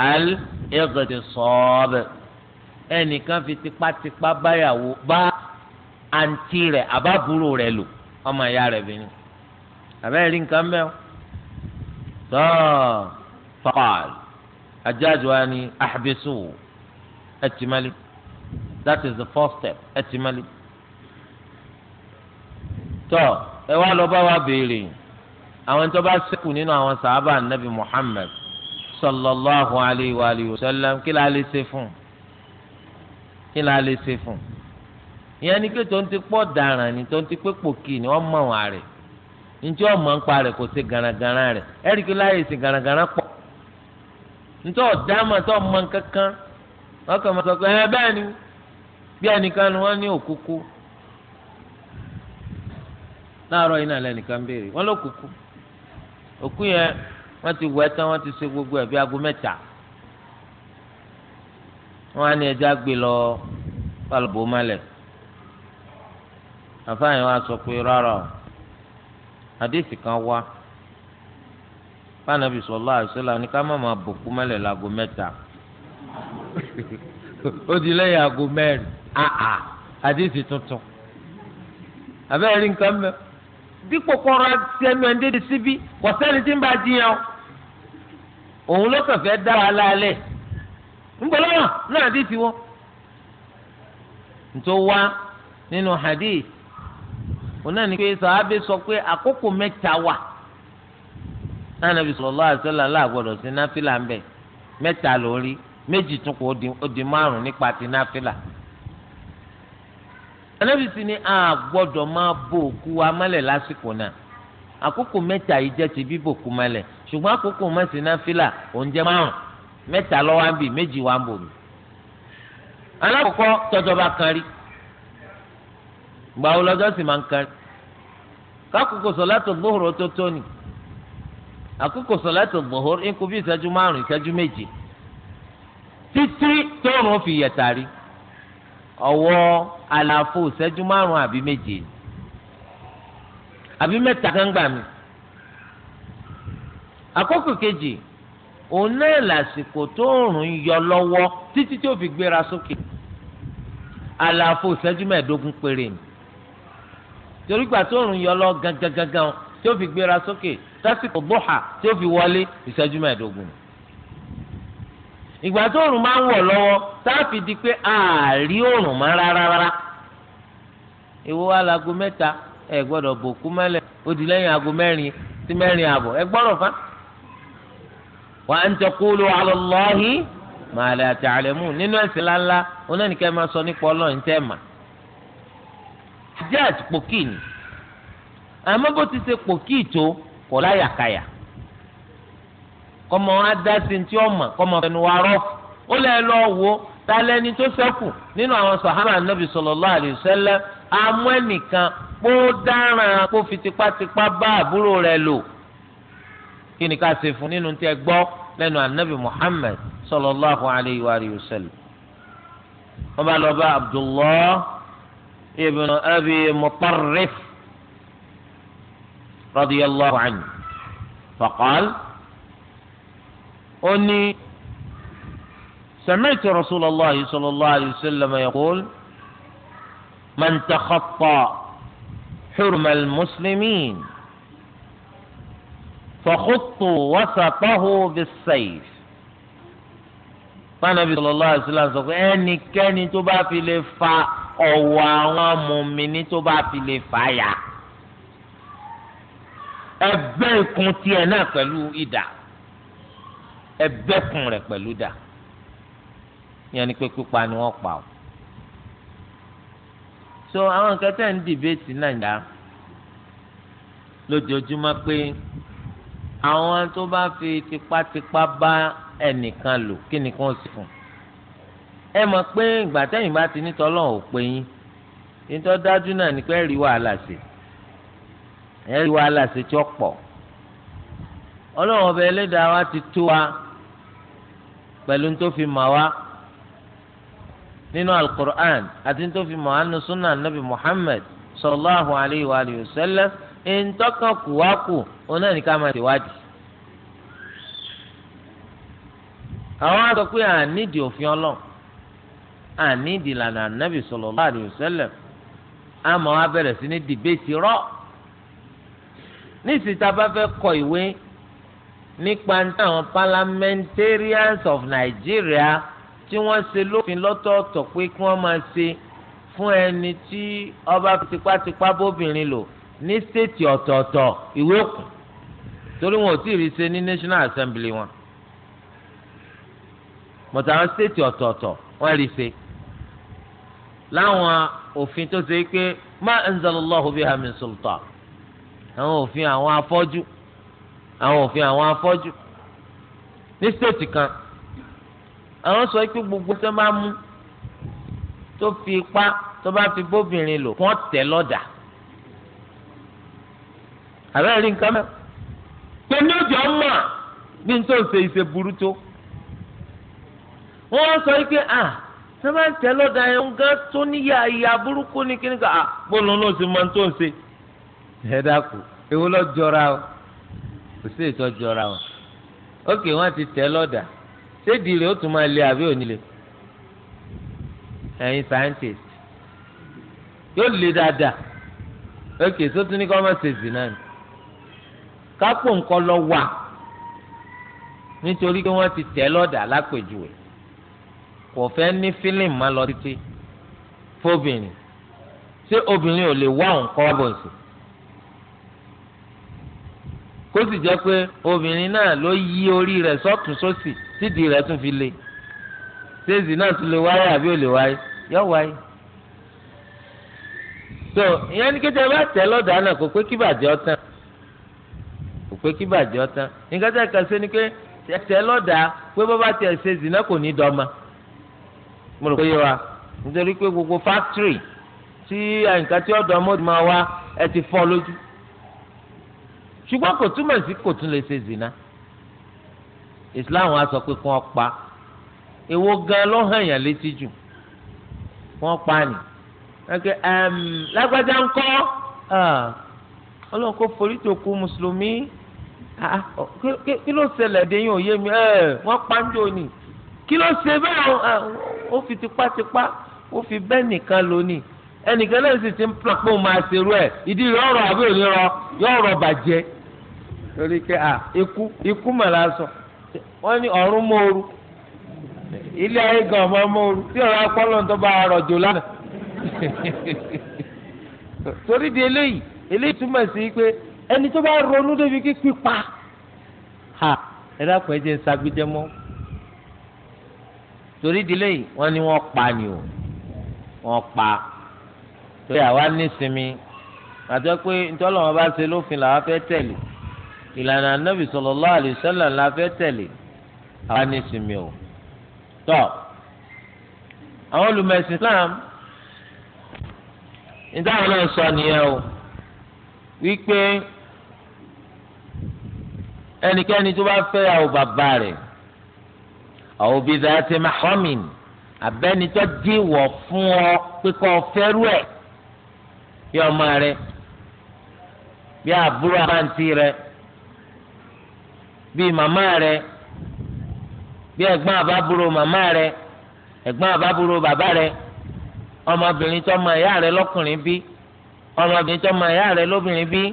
Speaker 1: al iqtisab ẹnìkan fi tipátipá báyàwó bá àǹtí rẹ̀ àbábúrò rẹ̀ lò ọmọ ìyá rẹ̀ bìnrin àbẹ́rẹ́ rí nǹkan mẹ́wọ́ tọ́ fàl ajáàjọ wa ni àhàbẹ́sọ ẹtìmálí that is the first step ẹtìmálí tọ́ ẹ wá lọ bá wa béèrè àwọn tó bá ṣẹ́kù nínú àwọn sàhábà nàbì Muhammad. sallallahu alayhi wa alihi wa sallam kí la lè fún kí la lè fún ìyẹn ni pé tó ń ti pọ̀ dàrán ni tó ń ti pé pòkì ni wọn rẹ̀ njẹ́ ń pa rẹ̀ kò garagara rẹ̀ ẹ̀ríkì láyè garagara pọ̀ ntọ́ ọ̀dàmà tó ọmọ kankan wọ́n kàn máa sọ pé ẹ bẹ́ẹ̀ ni bí ẹnìkan ni wọ́n ní òkúkú láàárọ̀ wọ́n ti wẹ̀ tán wọ́n ti ṣe gbogbo ẹ̀ bí aago mẹ́ta wọ́n á ní ẹja gbé lọ pálọ̀bù malẹ̀ àfáàyàn wa sọ pé rárá o àdéhìsì kan wá fáànàbì sọlá àṣẹlá ní ká má máa bòkú malẹ̀ láago mẹ́ta ó di lẹ́yìn aago mẹ́rin àhà àdéhìsì tuntun àbẹ́rẹ́ nǹkan mẹ́rin dípò kọ́ra sẹ́nu ẹ̀ ń dédé síbí kò sẹ́ni tí ń bá jiyàn o. òun ló kàn fẹ́ dá wàhálà alẹ́ ńgbọ́lọ́mọ̀ náà dé tiwọ́ nítorí wá nínú hadith pé sàábé sọ pé àkókò mẹ́ta wà náà nàbì sallallahu alaihi wasallam sí náfìlà ń bẹ̀ mẹ́ta lórí méjì tún kò ó di márùn nípa ti náfìlà ni a gbọ́dọ̀ máa òkú lásìkò náà àkókò mẹ́ta ṣùgbọ́n àkókò mọ́sí náà fílà oúnjẹ márùn mẹ́ta lọ́wọ́ à ń bì méjì wà ń bò mí. alákọ̀ọ́kọ́ tọ́jọba kan rí gbàwó lọ́jọ́ sì máa ń kan rí kákòókò sọ̀látò gbóhùrò tó tó nì àkókò sọ̀látò gbóhùrò ń kú bí ìṣẹ́jú márùn ìṣẹ́jú méje títí tóòrùn fi yẹ̀tàrí ọ̀wọ́ àlàfo ìṣẹ́jú márùn àbí méje àbí mẹ́ta kan gbà mí. àkókò kejì òun náà lásìkò tó òòrùn yọ lọ́wọ́ títí tó fi gbéra sókè àlàfo ìṣẹ́jú mẹ́ẹ̀ẹ́dógún péré ni torí gbà tó òòrùn yọ lọ gangan gangan tó fi gbéra sókè tásìkò bóhà tó fi wọlé ìṣẹ́jú mẹ́ẹ̀ẹ́dógún ìgbà tó òòrùn máa ń wọ̀ lọ́wọ́ tá a fi di pé ààrí òòrùn máa rárá rárá èwo wa mẹ́ta ẹ gbọ́dọ̀ bòkú mẹ́lẹ̀ ó lẹ́yìn aago mẹ́rin sí mẹ́rin ààbọ̀ ẹ gbọ́dọ̀ fáwọn wa an taqulu ala Allahi ma la ta'lamun nínú ẹ̀sìn lánlá onáníkẹ́ máa sọ nípa ọlọ́run tẹ́ mà. jẹ́ àtìpókì ni àmọ́ bó ti ṣe pòkì tó kò láyàkáyà kọ́mọ adásí tí ó mọ̀ kọ́mọ fẹnu wa rọ́ ó lẹ́ lọ́ wo talẹ́ni tó sẹ́kù nínú àwọn sàhábà nàbì sallallahu alaihi amú ẹnìkan kó dáràn kó fi tipátipá bá àbúrò rẹ̀ lò kí ni ká ṣe fún nínú tẹ gbọ́ lẹ́nu anabi muhammed sọlọ sallallahu alayhi wa alayhi wa sallam wọ́n bá lọ bá abdullahi ibn abi mutarif radiyallahu anhu faqal ó ní sami'tu sọlọ sallallahu alayhi wa sallam yaqul man takhatta hurma al-muslimin. fọ̀kútù وسطه بالسيف. Fáànàbí sallallahu alaihi wasallam sọ pé ẹnikẹ́ni tó bá fi lè fa ọ̀wọ́ àwọn mùmíní tó bá fi lè fà yà. Ẹbẹ́ ikùn náà pẹ̀lú idà. Ẹbẹ́ kun rẹ̀ pẹ̀lú idà. Yẹn ni pé ni wọ́n pa o. So àwọn nǹkan tẹ̀ ń dìbẹ́tì náà dá lójoojúmọ́ pé àwọn tó bá fi tipátipá bá ẹnìkan lò kí ni kàn sí fún ẹ mọ̀ pé ìgbà tẹ́yìn bá ti nítọ́ ọlọ́run ò pé yín nítọ́ dájú náà ni pé ẹ rí wàhálà sí ẹ rí wàhálà sí tí ó pọ̀ ọlọ́run ọba ẹlẹ́dàá wa ti tó wa pẹ̀lú tó fi mà wá nínú alukur'an àti tó fi mà wá nínú nabi muhammed sallallahu alayhi wa sallam ntọ́kàn kù wá kù òun náà ní ká máa ṣèwádìí. àwọn á sọ pé ànídìí òfin ọlọ́run ànídìí lànà ànábì sallallahu alaihi wasallam àmọ́ á bẹ̀rẹ̀ sí ní dìbẹ́tì rọ́ nísìsiyìí bá fẹ́ kọ ìwé nípa àwọn parliamentarians of Nigeria tí wọ́n ṣe lófin lọ́tọ̀ọ̀tọ̀ pé kí wọ́n máa ṣe fún ẹni tí ọba tipátipá bóbìnrin lò ní stéètì ọ̀tọ̀ọ̀tọ̀ ìwé òkun torí wọn ò tí ì rí ṣe ní national assembly wọn mọ̀tà àwọn stéètì ọ̀tọ̀ọ̀tọ̀ wọ́n rí ṣe láwọn òfin tó ṣe pé má anzalallahu biha min sultan àwọn òfin àwọn afọ́jú àwọn òfin àwọn afọ́jú ní stéètì kan àwọn sọ pé gbogbo tó máa mú tó fi ipá tó bá fi bóbìnrin lò kó tẹ̀ lọ́dà àbẹ́rẹ́ rí nǹkan mẹ́rin tèmi ò jọ mọ̀ bí n tó ń ṣe ìṣe burú tó wọ́n wá sọ wípé à sábà ń tẹ́ lọ́dà yẹn ń gán tó níyà ìyá burúkú ní kíní ká bọ́ọ̀lù náà sì máa ń tó ń ṣe. ẹ dákun ewu lọ jọra o kò sí ètò jọra o ókè wọ́n ti tẹ́ lọ́dà sédìí rẹ̀ ó tún máa lé àbí òní lè ẹ̀yin scientist yóò lé dáadáa ókè sótún ní kọ́ máa ṣe zì kápò nǹkan lọ wà nítorí pé wọ́n ti tẹ̀ lọ́dà lápèjúwe kò fẹ́ ní fílíìmù má lọ títí fóbìnrin ṣé obìnrin ò lè wá nǹkan bọ̀ sí kó sì jẹ́ pé obìnrin náà ló yí orí rẹ̀ sọ́tún sósì tídìí rẹ̀ tún fi le ṣéèzì náà tún lè wáyé àbí ò lè wáyé yọ wáyé so ìyẹn ní kété bá tẹ̀ lọ́dà náà kò pé kí bàjẹ́ ọ tán pé kí bàjẹ́ ọ̀tán nǹkan tẹ̀ kà sí ni pé ẹsẹ̀ lọ́dà pé bọ́bá tiẹ̀ ṣe zìnà kò ní dọ́mà mo rò pé yẹ wa nítorí pé gbogbo fáktírì tí àyìnká tí ọ̀dọ́ mọ́tò máa wá ẹ ti fọ́ lójú ṣùgbọ́n kò túmọ̀ sí kò tún lè ṣe zìnà Islam wa sọ pé kí wọ́n pa èwo gan ló hàn yàn létí jù wọ́n pa ni ẹ̀kẹ́ lágbájá ń kọ́ ah, ọlọ́run kò forí tó kú mùsùlùmí Ah, ah. kí ló ṣẹlẹ̀ dé yín òye mi wọ́n pa ń kí ló ṣe bẹ́ẹ̀ ó fi tipátipá ó fi bẹ́ẹ̀ nìkan lónìí ẹnìkan náà sì ti ń plan pé òun máa ẹ̀ ìdí rẹ̀ àbí òní rọ yọ ọ̀rọ̀ bàjẹ́ torí sọ wọ́n ní ọ̀run ilé ayé gan ọmọ tí ọ̀rọ̀ akọ́lọ́ tó bá rọ̀ jò lánàá torí di eléyìí eléyìí túmọ̀ sí ẹni tó bá ronú débi kí pípa ha ẹ dákun ẹ jẹ sagbídẹ mọ torí ìdílé yìí wọ́n ní wọ́n pa ni o wọ́n pa torí àwa nísinmi àti pé ntọ́lọ́ wọn bá ṣe lófin làwa fẹ́ tẹ̀lé ìlànà anábì sallallahu alaihi wasallam la fẹ́ tẹ̀lé àwa nísinmi o tọ́ àwọn olùmọ̀ẹ̀sìn Islam níta àwọn náà sọ nìyẹn o wípé ẹnikẹ́ni tó bá fẹ́ yàwó bàbá rẹ̀ àwọn òbí dàá ti mahramin abẹ́nitọ́ díwọ̀ fún ọ pé kọ́ ọ fẹ́rù ẹ̀ bí ọmọ rẹ bí àbúrò àbáǹtí rẹ bí màmá rẹ bí ẹ̀gbọ́n àbábúrò màmá rẹ ẹ̀gbọ́n àbábúrò bàbá rẹ ọmọbìnrin tó ọmọ ìyá rẹ lọ́kùnrin bí ọmọbìnrin tó ọmọ ìyá rẹ lóbìnrin bí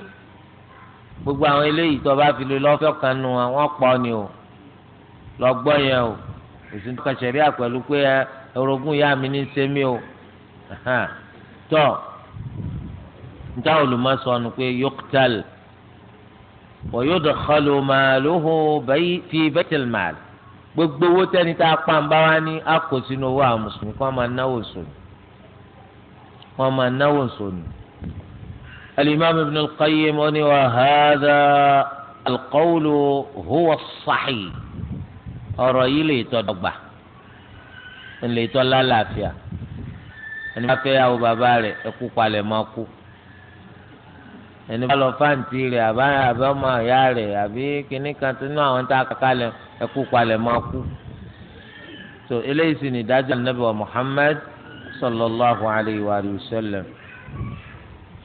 Speaker 1: gbogbo àwọn eléyìí tó bá fi lè lọ́fẹ́ kan nu àwọn pọ̀ ni o lọ gbọ́ yẹn o èsì tó kàn ṣẹ̀ríà pẹ̀lú pé orogún ìyá mi ní sẹ́mi o tọ́ níta olùmọ̀sọ ni pé yókùtàl wa yudkhalu maluhu fi baitil mal gbogbo owó tẹ́ni tá a pa ń bá wa ní a sínú owó àwọn mùsùlùmí kí máa náwó sòní wọ́n máa náwó sòní. الإمام ابن القيم وهذا القول هو الصحيح أرأي yìí lè tọ́ dọ́gba lè tọ́ lálàáfíà ẹni bá fẹ́ yàwó bàbá rẹ̀ ẹkú palẹ̀ máa kú ẹni bá lọ fáǹtì rẹ̀ àbá ọmọ ìyá rẹ̀ àbí kínní kan tó ní àwọn tá a kàkà lẹ̀ ẹkú palẹ̀ máa kú so eléyìí sì ní ìdájọ́ ànábì wa Muhammad sallallahu alayhi wa sallam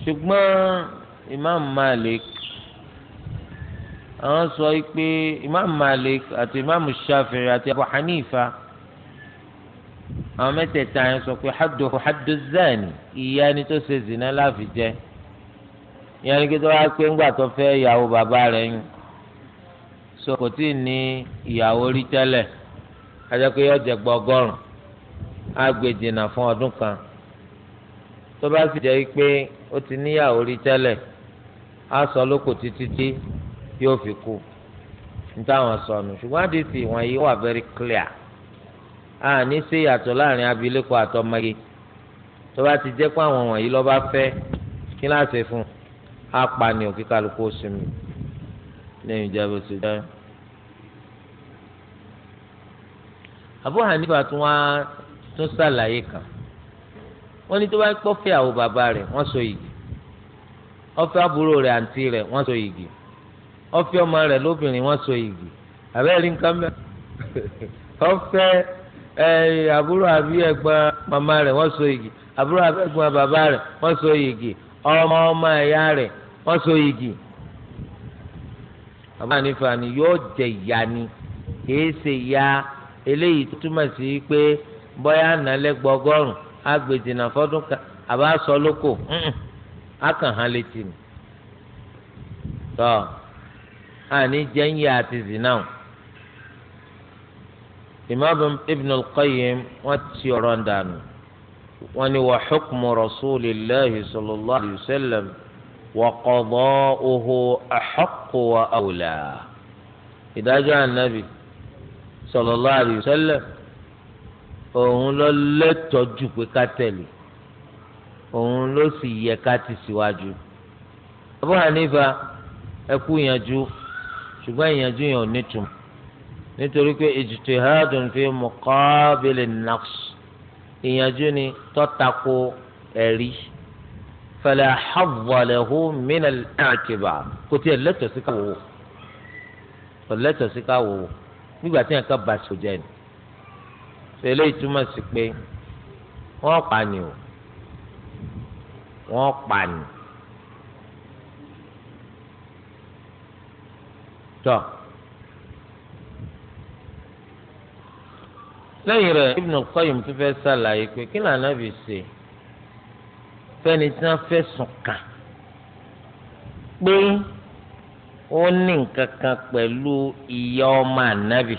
Speaker 1: ṣùgbọ́n imam malik àwọn sọ pé imam malik àti imam shafi'i àti abu hanifa àwọn mẹ́tẹ̀ẹ̀ta yẹn sọ pé hadduhu haddu zani ìyà ni tó ṣe zina láfi jẹ ìyá ni kíkọ́ wá pé ńgbà tó fẹ́ ìyàwó bàbá rẹ̀ yín so kò tí ì ní ìyàwó rí tẹ́lẹ̀ ajẹ́pẹ́ yọ jẹ gbọ́gọ́rùn-ún fún ọdún kan tó bá sì jẹ́ pé ó ti níyàwó rí tẹ́lẹ̀ á sọ lóko títí tí yóò fi kú nítawọn sọnù ṣùgbọ́n àdìsí wọn yìí wà very clear a ní ṣe yàtọ̀ láàrin abilékọ àtọmọye tó bá ti jẹ́ pé àwọn wọ̀nyí lọ́ba fẹ́ kí láṣẹ fún pa ni òkè kálukú ó sinmi lẹ́yìn jẹ́. Abu Hanifa tún wá tún ṣàlàyé kan. wọ́n ní tó bá kpọ́ fẹ́ àwọn bàbá rẹ̀ wọ́n so yìgì ọfẹ́ àbúrò rẹ̀ àǹtí rẹ̀ wọ́n so yìgì ọfẹ́ ọmọ rẹ̀ lóbìnrin wọ́n so yìgì àbẹ́rẹ́ nǹkan mẹ́ ọfẹ́ àbúrò àbí ẹ̀gbọ́n màmá rẹ̀ wọ́n àbúrò àbí ẹ̀gbọ́n bàbá rẹ̀ wọ́n so ọmọ ọmọ ẹ̀yà rẹ̀ wọ́n ni yóò ni ṣe ìyá eléyìí túmọ̀ sí pé bọ́yá agbèdìnà fọdún kan àbá sọ lóko akàn hàn létí ni tọ àní jẹ́ńyà àti zinau imam ibn al-qayyim wọ́n ti ọ̀rọ̀ ń dànù wọ́n ní wà xukmu rasulillahi sallallahu alayhi wa sallam wà qadọ́ oho àxọ́kù wa awla ìdájọ́ ànábì sallallahu alayhi wa sallam òun ló lẹ́tọ̀ọ́ jù pé ká tẹ̀lé òun ló sì yẹ ká ti síwájú. Abu Hanifa ẹ kú ìyànjú ṣùgbọ́n ìyànjú yẹn ò nítumọ̀ nítorí pé ijtihadun fi muqabili naqs ìyànjú ni tọ́tako ẹ̀rí fala hadda mina min al-i'tibar kò tiẹ̀ lẹ́tọ̀ọ́ sí ká wò sí ká nígbà tí yẹn ká bàṣọ jẹ́ ni fẹlẹ ìtumọ̀ sí pé wọ́n pààyàn o wọ́n pààyàn tọ lẹ́yìn rẹ̀ Ibn Qayyim tó fẹ́ ṣàlàyé pé kí lànà fi ṣe fẹ́ni tí wọ́n fẹ̀sùn kàn pé ó ní nǹkan kan pẹ̀lú ìyá ọmọ ànábì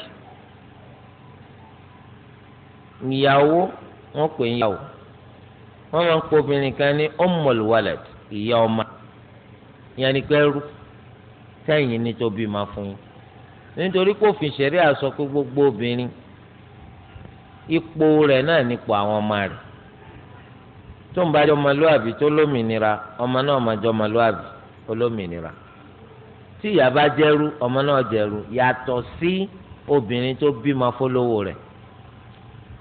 Speaker 1: ìyàwó wọn pè ń yàwó wọn máa ń pọ obìnrin kan ní ummul walad ìyá ọmọ ìyẹn ni pé ẹrú sẹ́yìn ní tó bí ma fún yín nítorí pé òfin ṣẹ̀rí àsọ pé gbogbo obìnrin ipò rẹ̀ náà nípò àwọn ọmọ rẹ̀ tó ń bá jọ ọmọlúàbí tó lómìnira ọmọ náà máa jọ ọmọlúàbí olómìnira tí ìyá bá jẹ́rú ọmọ náà jẹ́rú yàtọ̀ sí obìnrin tó bímọ fólówó rẹ̀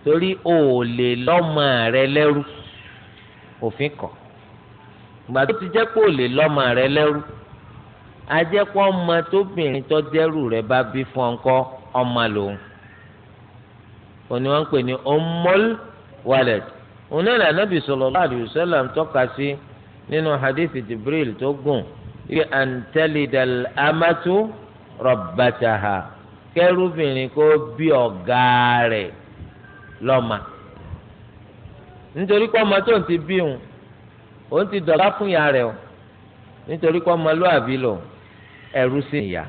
Speaker 1: torí o ò lè lọ́mọ rẹ lẹ́rú òfin kọ̀ ìgbà tó ti jẹ́ pé o lè lọ́mọ rẹ lẹ́rú ajẹ́pọ̀ ọmọ tóbìnrin tó dẹ́rù rẹ bá bí fún ọkọ ọmọ lòun òní wọn ń pè ní ummul walad òun náà lànàbì sallallahu alaihi wasallam tọ́ka sí nínú hadithi Jibril tó gùn ibi antalidal amatu rabbataha kẹrùbìnrin kó bí ọ̀gá rẹ̀ lọ́mà nítorí pé ọmọ tó ń ti bí òun òun ti dọ̀gá fún ìyá rẹ̀ o nítorí pé ọmọlúàbí lò ẹrú sí ìyá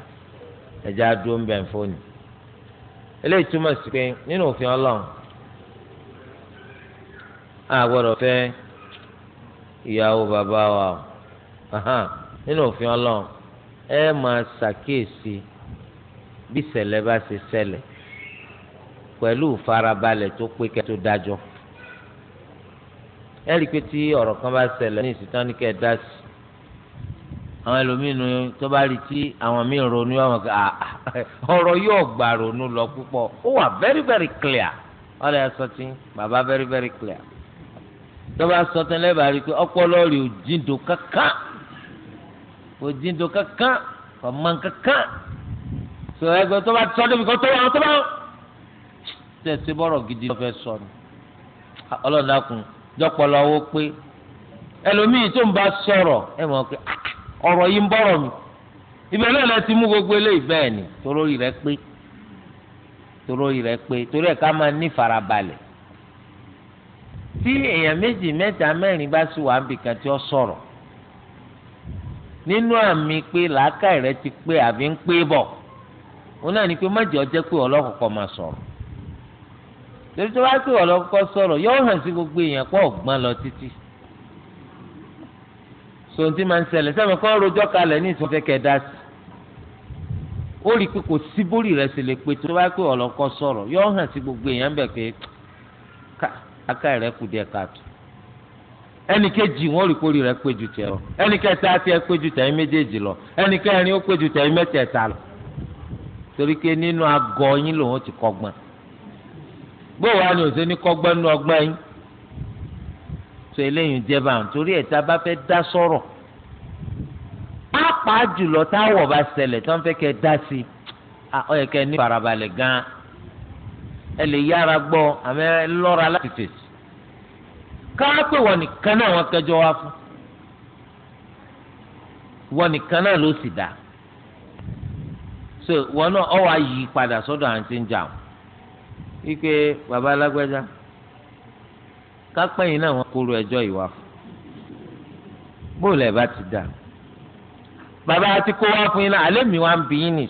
Speaker 1: ẹ̀já dúró ń bẹ̀ ń fóni eléyìí túmọ̀ sí pé nínú òfin ọlọ́run a gbọ́dọ̀ fẹ́ ìyàwó bàbá wa o nínú òfin ọlọ́run ẹ máa ṣàkíyèsí bí ìṣẹ̀lẹ̀ bá ṣe ṣẹlẹ̀ pẹ̀lú farabalẹ̀ tó pé kẹ́ tó dájọ́ ẹ rí i pé tí ọ̀rọ̀ kan bá ṣẹlẹ̀ ní ìsìtàn ní kẹ́ ẹ dá sí àwọn ẹlòmínú tó bá rí tí àwọn míì ronú àwọn kan ah, ah, ọ̀rọ̀ yóò gbà ronú lọ púpọ̀ ó wà very very clear ọ̀rọ̀ ẹ sọ tí bàbá very very clear tó bá sọ tán lẹ́bàá rí i pé ọpọlọ rí òjìǹdò kankan òjìǹdò kankan ọmọ kankan sọ ẹgbẹ́ tó bá sọ débi kan tó wà tó bá wọn. tẹ̀sí bọ́rọ̀ gidi lọ́fẹ́ sọ ni ọlọ́run dákun jọpọlọ owó pé ẹlòmíì tó ń bá sọ̀rọ̀ ẹ pé ah, yìí ń mi ibẹ̀ náà ti mú gbogbo eléyìí bẹ́ẹ̀ ni toróyì rẹ pé rẹ pé torí ẹ̀ ká máa ní tí èèyàn méjì bá sì wà níbi kan tí ó nínú àmì pé làákàyè rẹ ti torí tó bá sì wọ̀ lọ́kọ́ sọ̀rọ̀ yóò hàn sí gbogbo èèyàn pọ̀ gbọ́n lọ títí. sọ̀rọ̀ tí máa ń ṣẹlẹ̀ sẹ́mi rojọ́ kalẹ̀ ní sí. ó rí i pé kò sí bórí rẹ̀ sì lè pe tó bá pè ọ̀lọ́kọ́ sọ̀rọ̀ yóò hàn sí gbogbo èèyàn bẹ̀ bó wàá ní òsè ní kọ́gbọ́n nú ọgbọ́n yín tó eléyìí jẹ́ bá ń torí ẹ̀ tá a bá fẹ́ dá sọ̀rọ̀ pàápàá jùlọ táwọ̀ bá ṣẹlẹ̀ tó ń fẹ́ kẹ́ dá sí i ó yẹ kẹ́ ní farabalẹ̀ gan-an ẹ lè yára gbọ́ àmọ́ lọ́ra láti fèsì káwápè wọ́n nìkan náà wọ́n kẹjọ wá fún wọ́n nìkan náà ló sì dá so wọ́n náà ọ wá yí padà sọ́dọ̀ àǹtí ń jà wọ́n Ike Baba alágbájá kápẹ́yìn náà wọ́n kúrò ẹjọ́ ìwà fún bóòlù ẹ̀ bá ti dà bàbá àti kó wá fún yín náà àlẹ́ mi wá ń bí yín nìyí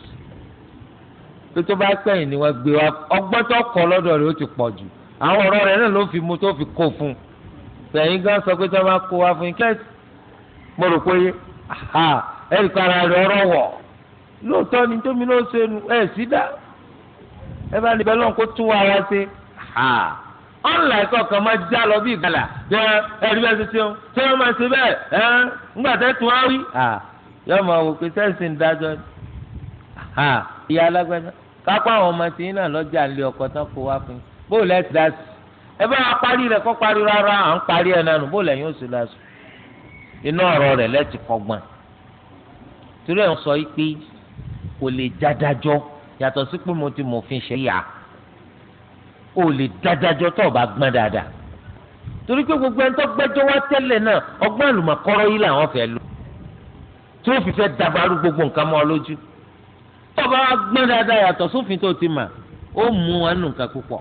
Speaker 1: tó tó bá pẹ́yìn ni wọ́n gbé wá ọgbọ́n tó kọ́ lọ́dọ̀ rẹ̀ ó ti pọ̀ jù àwọn ọ̀rọ̀ rẹ̀ náà ló fi mu tó fi kó fún sẹ̀yìn gan sọ pé tó bá kó wá fún yín kẹ́sì mo rò pé ẹ̀rí kan ara rẹ̀ ọ̀rọ̀ wọ̀ lóòótọ́ ni tómi ló ṣe nu sí dáa ẹ bá níbẹ̀ lọ́n kó tún wa wá sí ọ̀nlá ẹ̀kọ́ kan máa já lọ bí ìgbàlà jẹ́ ẹ̀rí bẹ́ẹ̀ ṣe ṣe wọ́n máa ṣe bẹ́ẹ̀ ẹ́ ńgbà tẹ́ tún á wí. yóò máa wò pé sẹ́ǹsì ń dájọ́ ìyá alágbẹ́dá kápá àwọn ọmọ tí yín náà lọ́jà lé ọkọ̀ tán kó wá fún yín bóò lẹ́sì dá sí. ẹ bá wa parí rẹ̀ kọ́ parí rárá à ń parí ẹ̀ nánu bóò lẹ́yìn oṣù lásù. inú ọ̀rọ̀ rẹ̀ lẹ́tì kọgbọ́n torí ẹ̀ ń sọ yìí pé kò lè já dájọ́ yàtọ̀ sí pé mo ti mòfin ṣẹ̀ríà o lè dájájọ́ tó o bá gbọ́n dáadáa torí pé gbogbo ẹni tó gbẹ́jọ́ wá tẹ́lẹ̀ náà ọgbọ́n àlùmọ̀kọ́rọ́ yìí làwọn fẹ́ lò tí ó fi fẹ́ dabarú gbogbo nǹkan mọ́ ọ lójú tó o bá wá gbọ́n dáadáa yàtọ̀ sófin tó o ti mà ó mú wọn nù nǹkan púpọ̀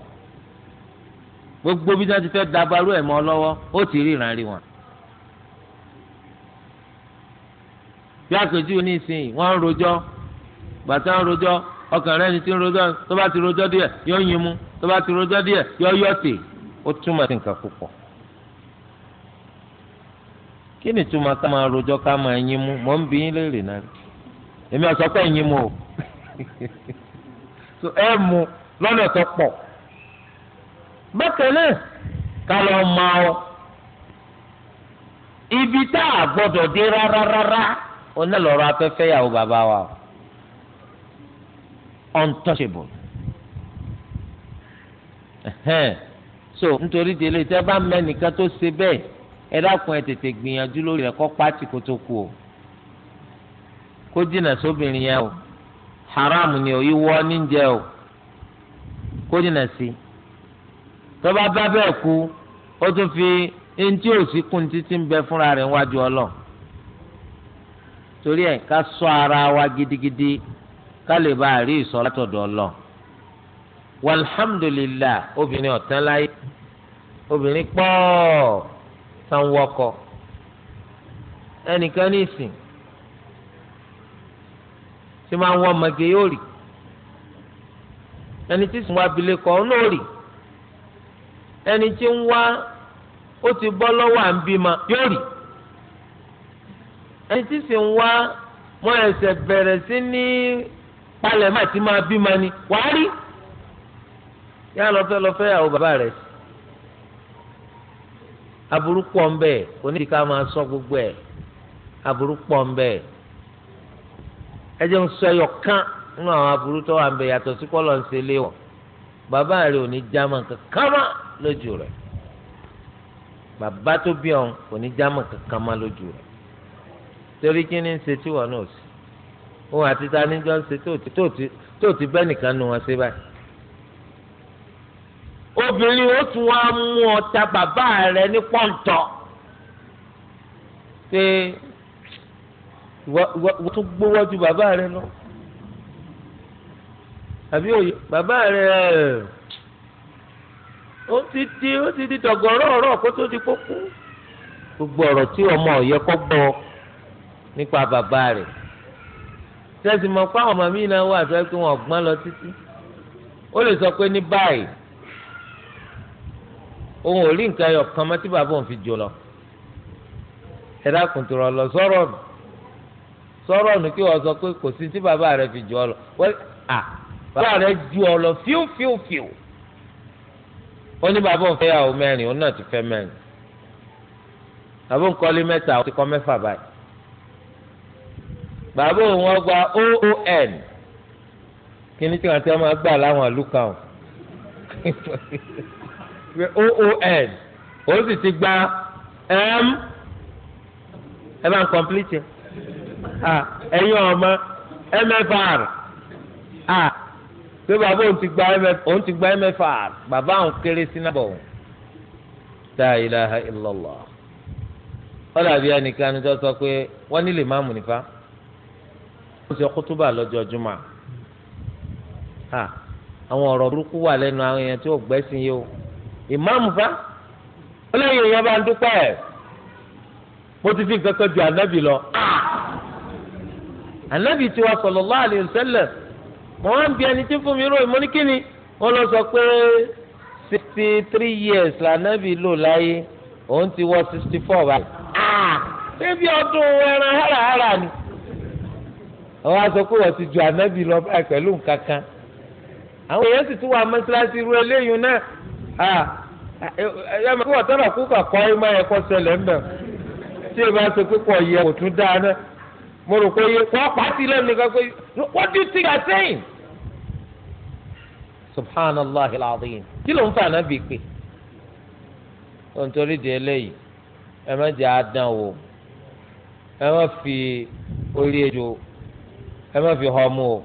Speaker 1: gbogbo bí wọ́n ti fẹ́ dabarú ẹ̀ mọ́ lọ́wọ́ ó ti ríran rí wọn. bí àpèjúwe ní ìsìn wọ́n ń rojọ́ gbàtà ń rojọ́ ọkàn rẹ ni ti ń rojọ́ tó bá ti rojọ́ díẹ̀ yọ yin mu tó bá ti rojọ́ díẹ̀ yọ yọ tè ó túmọ̀ sí nǹkan púpọ̀. kí ni túmọ̀ ká máa rojọ́ ká máa yin mu mọ̀ ń bí yín léèrè náà èmi ọ̀sọ́ pé yin mu o so ẹ mu lọ́nà tó pọ̀ bákan náà ká
Speaker 2: lọ máa ọ
Speaker 1: ibi tá a gbọ́dọ̀ dé rárá rárá onílọ̀rọ̀ afẹ́fẹ́ yàwó bàbá wa o. untouchable so nítorí délé tẹ bá mẹ́nìkan tó ṣe bẹ́ẹ̀ ẹ dákun ẹ tètè gbìyànjú lórí rẹ̀ kọ́ pátì kó tó o kó jìnnà sóbìnrin yẹn o haram ni o ìwọ níjẹ o kó jìnnà sí i tó bá bá bẹ́ẹ̀ kú ó tún fi ntí òsì kún títí ń bẹ fúnra rẹ̀ wájú ọlọ́ torí ẹ̀ ká ara wa gidigidi. Gidi kálí bá a rí ìsọ látọ̀dọ̀ Ọlọ́run walhamdulilah obìnrin ọ̀tán láyé obìnrin pọ̀ sanwó-ọkọ ẹnìkan ní ìsìn tí máa ń wọ ọmọge yóò rí ẹni tí sùn wá abilékọ ọ náà rí ẹni tí ń wá ó ti bọ́ lọ́wọ́ à yóò rí ẹni tí sì ń wá mọ ẹsẹ̀ bẹ̀rẹ̀ sí ní. kpalẹ ma ti ma bí ma ni wàá rí yá lọ́fẹ́ lọ́fẹ́ àwọn bàbá rẹ̀ aburú pọ̀ ń bẹ onídìí ká máa sọ gbogbo ẹ̀ aburú pọ̀ ń bẹ ẹ sọ ẹyọ kán nínú àwọn aburú tó wà ń bẹ yàtọ̀ sí kọ́ lọ́ ń ṣe léwọ̀n bàbá rẹ̀ ò ní jámà kankan mọ́ lójú rẹ. bàbá tó bí ọ̀hún kò ní kankan lójú torí kí ni ń ṣe tí wọn náà sí òun àti ta ní jọ ń ṣe tó ti bẹ́ẹ̀ nìkan nu wọn ṣe báyìí. obìnrin ó tún wá mú ọta bàbá rẹ ní pọ́ńtọ̀ pé wọ́n tún gbówó ju bàbá rẹ lọ àbí òye bàbá rẹ ó ti di ó ti di dọ̀gọ̀rọ̀ ọ̀rọ̀ kó tó di kókó gbogbo ọ̀rọ̀ tí ọmọ ọ̀yẹ́ kọ́ gbọ́ nípa bàbá rẹ̀ tẹ́sí mọ̀ pé àwọn ọmọ mi náà wà fẹ́ kí wọ́n gbọ́n lọ títí ó lè sọ pé ní báyìí òun ò rí nǹkan ẹyọ kan mọ́ tí bàbá òun fi jò lọ ẹ dákun tó rọ lọ sọ̀rọ̀ nù sọ̀rọ̀ nù kí wọ́n sọ pé kò sí tí bàbá rẹ fi jò ọ lọ bàbá rẹ ju ọ lọ fíú fíú fíú ó ní bàbá òun fẹ́ yàwó mẹ́rin òun náà ti fẹ́ mẹ́rin bàbá òun kọ́lé mẹ́ta ó ti kọ́ mẹ́fà báyìí bàbá òun ọgbà oon kí ni tí wọn ti máa gbà láwọn àlùkà o oon ó sì ti gba m ẹ bá ń kọ́mplìtì ẹ̀yin ọmọ mfr pé bàbá òun ti gba òun ti gba mfr bàbá òun kéré sí náà bọ̀ òun la ilaha illallah ọ̀làbí ẹnìkan ni tó sọ pé wọ́n nílè máàmù nípa ó ṣe kútúbà lọ́jọ́ jùmọ̀ à àwọn ọ̀rọ̀ burúkú wà lẹ́nu àwọn èèyàn tí ò gbẹ́sìn yìí o ìmáàmù fa ó lẹ́yìn èèyàn bá ń dúpẹ́ ẹ̀ mo ti fi nǹkan ju ànábì lọ ànábì tí wọ́n sallallahu alaihi wasallam mo wá ń bi ẹni tí fún mi ró ìmọ̀ ní lọ sọ pé sixty three years lànábì lò láyé òun ti wọ sixty four báyìí ṣé bí ọdún ẹran hàràhàrà ni àwọn aṣọ pé wọ́n ti ju ànábì lọ báyìí pẹ̀lú nǹkan àwọn èèyàn sì tún wà mọ́ṣáláṣí irú eléyìí náà ẹ mọ̀ pé wọ́n tọ́lọ̀ kú kàkọ́ ẹ máa yẹ kó ṣẹlẹ̀ ń bẹ̀ tí ẹ bá pé kò yẹ kò tún dáa náà mo rò pé yẹ kó pàtí lẹ́nu nìkan pé what do you think I'm saying? subhanallah alaazim kí ló ń fa ànábì pé nítorí di eléyìí ẹ má jẹ́ àdán ẹ má fi orí ejò ẹ má fi họ mu o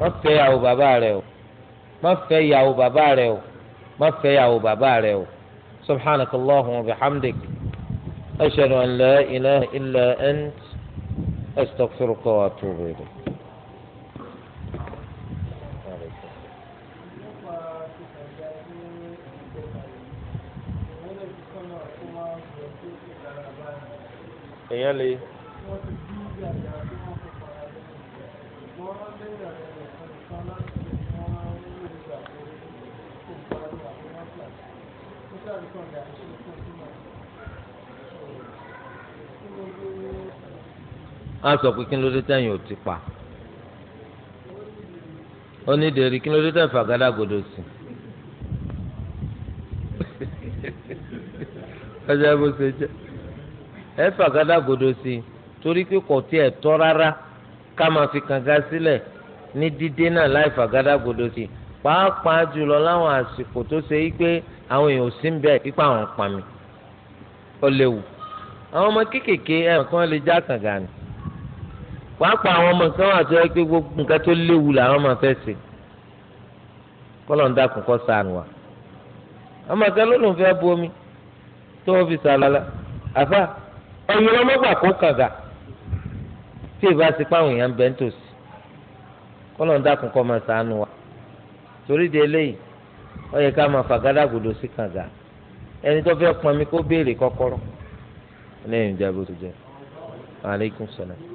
Speaker 1: má fẹ́ ìyàwó bàbá rẹ o má fẹ́ ìyàwó bàbá rẹ o má fẹ́ ìyàwó bàbá rẹ o subhanaka allahumma wa bihamdik ashhadu an la ilaha illa ant astaghfiruka wa atubu ilayk. èèyàn lè á sọ pé kí ló dé tẹ̀yìn ò ti pa onídèrè kí ló dé tẹ̀yìn fàgádágodo sí ọjà bó ṣe jẹ ẹ fàgádágodo sí torí pé kò tiẹ̀ tọ́ rárá ká máa fi kànga sílẹ̀ ní dídé náà láì fàgádágodo sí pàápàá jùlọ láwọn àsìkò tó ṣe yí pé àwọn èèyàn ò sí ń bẹ ipa àwọn pa mi ó léwu àwọn ọmọ kéékèèké ẹ̀ kàn lè já kànga ni wàá pa àwọn ọmọ nǹkan wà tó yẹ pé gbogbo nǹkan tó léwu làwọn máa fẹ́ ṣe kọ́lọ̀ ń dákun kọ́ sànù wa ọmọ kan ló lòun fẹ́ bu omi tó fi sàlálà àfà ọ̀yìn lọ́mọ gbà kó kàgà tí ìbá ti páwọn èèyàn bẹ́ẹ̀ tòsí kọ́lọ̀ ń dákun kọ́ máa sànù wa torí de eléyìí ó yẹ ká máa fàgádàgòdò sí kàgà ẹni tó fẹ́ pọnmi kó béèrè kọ́kọ́rọ́ lẹ́yìn ìjábọ̀ tó jẹ́ alaikum salaam.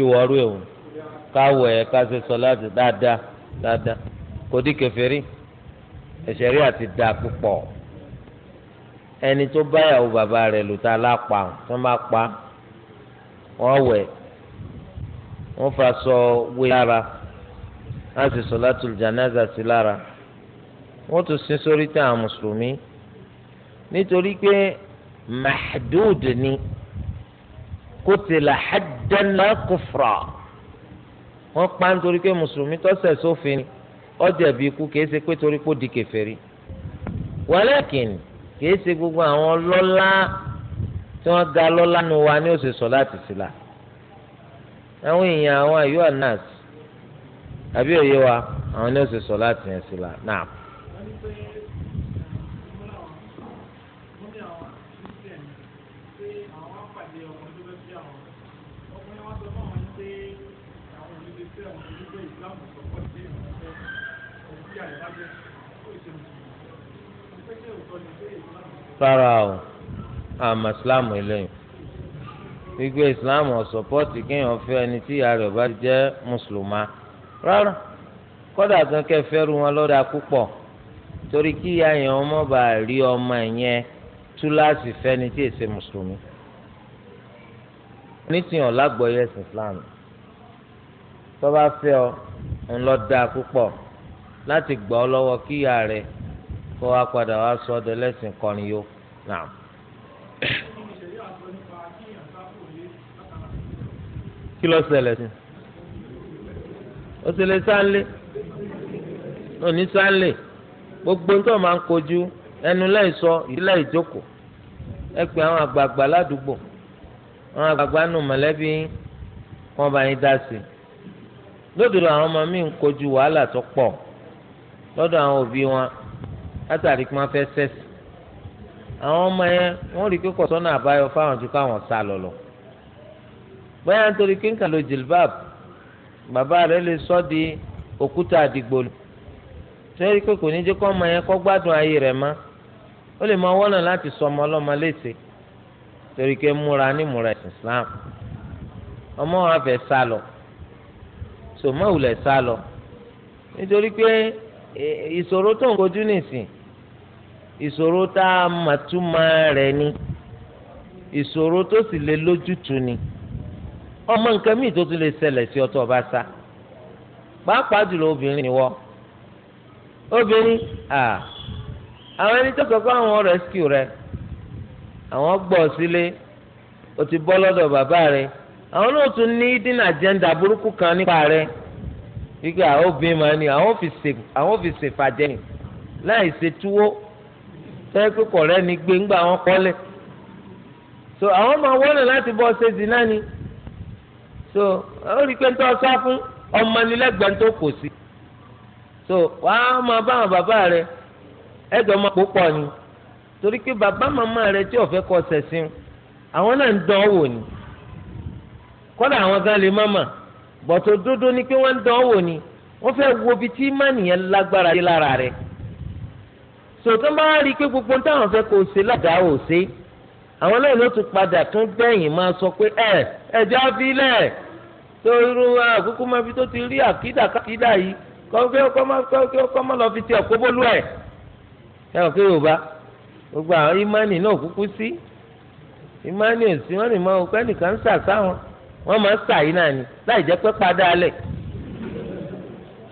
Speaker 1: ìwọ́rú ẹ̀wọ̀n káwọ̀ ẹ̀ ká ṣe sọ láti dáadáa dáadáa kò dí kèfèrí ẹ̀ṣẹ̀ rí àti dáa púpọ̀ ẹni tó báyàwó bàbá rẹ̀ lò tá a lápá tó má pa wọ́n wẹ̀ wọ́n fa sọ wé lára wọ́n sì solatul janaza sí lára wọ́n tún sin sórí tán àwọn mùsùlùmí nítorí pé mahdud ni kó tilà hajj jẹ́nà kùfùrà wọ́n pa nítorí pé mùsùlùmí tọ́sẹ̀ sófin ọjọ́ ìbí ikú kìí ṣe pé torí kó di kèfèrí walakin kìí ṣe gbogbo àwọn lọ́lá tí wọ́n ga lọ́lá nu wa ni ó sì sọ láti sílá àwọn èèyàn àwọn àyọ anas àbí òye wa àwọn ni ó sì sọ láti yẹn sílá náà. rárá o àmọ́ islam eléyìí wípé islam ọ̀sọ̀pọ̀tì kéèyàn fẹ́ ẹni tí ìyá rẹ̀ bá jẹ́ mùsùlùmá rárá kódà tán kẹ́ fẹ́rù wọn lọ́dà púpọ̀ torí kí ìyá yẹn ọmọ bá rí ọmọ yẹn túláàsì fẹ́ni tí èsè mùsùlùmí onítìyàn lágbọ̀ọ́yé ẹ̀sìn islam tó bá fẹ́ ọ ńlọ dáa púpọ̀ láti gbọ́ ọ lọ́wọ́ kíyà rẹ̀ kó wa padà wá sọ ọdẹ lẹ́sìn kọrin yó náà. kí ló ṣẹlẹ̀ o lè ní gbogbo nítorí máa ń kojú ẹnu láì sọ ìdílé ìjókòó ẹ pé àwọn àgbààgbà ládùúgbò àwọn àgbààgbà nù mọ̀lẹ́bí wọn bá yín dá sí mi ń kojú wàhálà tó pọ̀ lọ́dọ̀ àwọn òbí wọn látàrí kí wọ́n fẹ́ sẹ́sì àwọn ọmọ yẹn wọ́n rí kíkọ̀ sọ́nà àbáyọ fáwọn ju káwọn sá lọ lọ bóyá nítorí kí nǹkan lo jilbab bàbá rẹ̀ lè sọ di òkúta àdìgbòlù sẹ́rí pé kò ní jẹ́ kọ́ ọmọ yẹn kọ́ gbádùn ayé rẹ̀ mọ́ ó lè máa wọ́nà láti sọ ọmọ ọlọ́mọ léṣe torí pé múra nímúra ẹ̀sìn Islam ọmọ wa fẹ́ sá lọ sòmọ́wùlẹ̀ sá lọ nítorí pé e, ìṣòro tó ń kojú nìsín ìṣòro tá a mà túmọ̀ rẹ̀ ni ìṣòro tó sì lè lójútùú ni ọmọ nǹkan míì tó tún lè ṣẹlẹ̀ sí ọtọ ọba sá pàápàá jùlọ obìnrin ni wọ́ obìnrin àwọn ẹni tó kọ́kọ́ àwọn rescue rẹ̀ àwọn gbọ́ sílé o ti bọ́ lọ́dọ̀ bàbá rẹ̀ àwọn náà tún ní dínà agenda burúkú kan nípa rẹ̀ wípé àwọn obìnrin máa ní àwọn fi ṣèfàjẹ́ láì ṣe túwó sẹ́yìn pé kọ̀rẹ́ ni gbé ńgbà wọn kọ́lẹ̀ so àwọn máa wọ́nà láti bọ́ ṣe zina ni so ó rí i pé ń tọ́ sá fún ọmọnilẹ́gbẹ̀ẹ́ tó kò sí so wàá máa bá àwọn bàbá rẹ ẹgbẹ́ ọmọ púpọ̀ ni torí pé bàbá màmá rẹ tí ọ̀fẹ́ kọ sẹ̀sìn àwọn náà ń dán wò ni kọ́dà àwọn gan lè mọ́mọ́ bọ̀tò dúdú ni pé wọ́n ń dán wò ni wọ́n fẹ́ wo ibi tí mánìyàn lágbára dé lára rẹ̀. sòtún máa rí i pé gbogbo ní táwọn fẹ́ kó ṣe ládàá ò ṣe àwọn náà ló tún padà tún máa sọ pé ẹ àkókò máa fi tó ti rí àkídà yìí kọ́ kí ọkọ lọ fi ti ọkọ bólú ẹ ò kí yorùbá gbogbo àwọn náà kúkú sí ni máa sáwọn wọn máa ni láì padà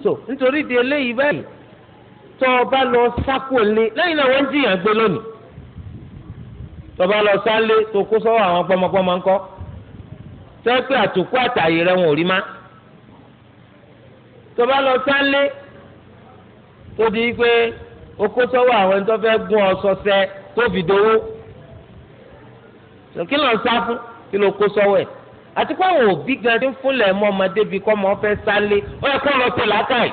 Speaker 1: so nítorí di eléyìí báyìí tọ́ ọ bá lọ sákò lé lẹ́yìn náà wọ́n ń jìyàn gbé lónìí tọ́ ọ bá lọ sálé tó kó sọ́wọ́ àwọn pọ́mọpọ́mọ ńkọ́ tẹ́ pé àtòkú àtàyè rẹ wọn ò rí má tọ́ ọ bá lọ sálé tó di pé okó sọ́wọ́ àwọn ẹni tó fẹ́ gún ọ sọ́sẹ́ tó fi dowó kí ló ń sá fún kí ló kó sọ́wọ́ ẹ̀ àti pé àwọn òbí gan ti ń fúnlẹ̀ mọ́ ọmọdé bíi kọ́ ọmọ fẹ́ sálé ó yẹ kó lọ sí làákàyè.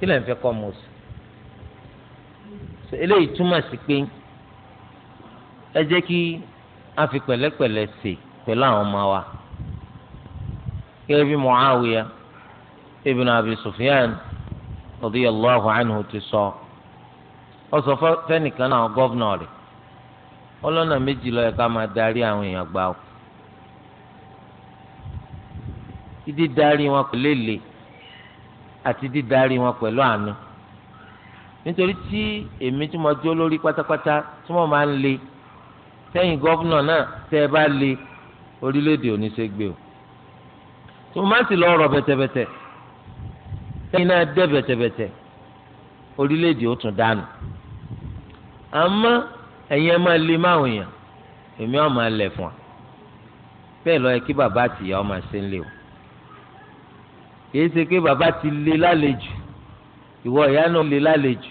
Speaker 1: kí lè ń fẹ́ kọ́ mọ̀ sí eléyìí túmọ̀ sí pé ẹ jẹ́ kí a fi pẹ̀lẹ́pẹ̀lẹ́ ṣe pẹ̀lú àwọn ọmọ wa gẹ́gẹ́ bí Muawiya ibn Abi Sufyan radiyallahu anhu ti sọ ọ sọ fẹ́nìkan náà gọ́vnọ̀ rẹ̀ ọlọ́nà méjì ló ká máa darí àwọn èèyàn gbà ó darí wọn kò àti dídarí wọn pẹ̀lú àánú nítorí tí èmi tí mo jó lórí pátápátá tí mo máa ń le sẹ́yìn gọ́vnà náà tẹ́ ẹ bá le orílẹ̀-èdè òní ṣe gbé o tí mo máa ń sì lọ rọ bẹ̀tẹ̀bẹ̀tẹ̀ sẹ́yìn náà dẹ́ bẹ̀tẹ̀bẹ̀tẹ̀ orílẹ̀-èdè ó tún dànù àmọ́ ẹ̀yin ẹ máa le máwòyàn èmi ọ̀ máa lẹ̀ fún wa bẹ́ẹ̀ lọ́ọ́ yẹ kí bàbá àtìyá ọ máa ṣe ń lé o kìí ṣe pé bàbá ti le lálejò ìwọ ìyá náà le lálejò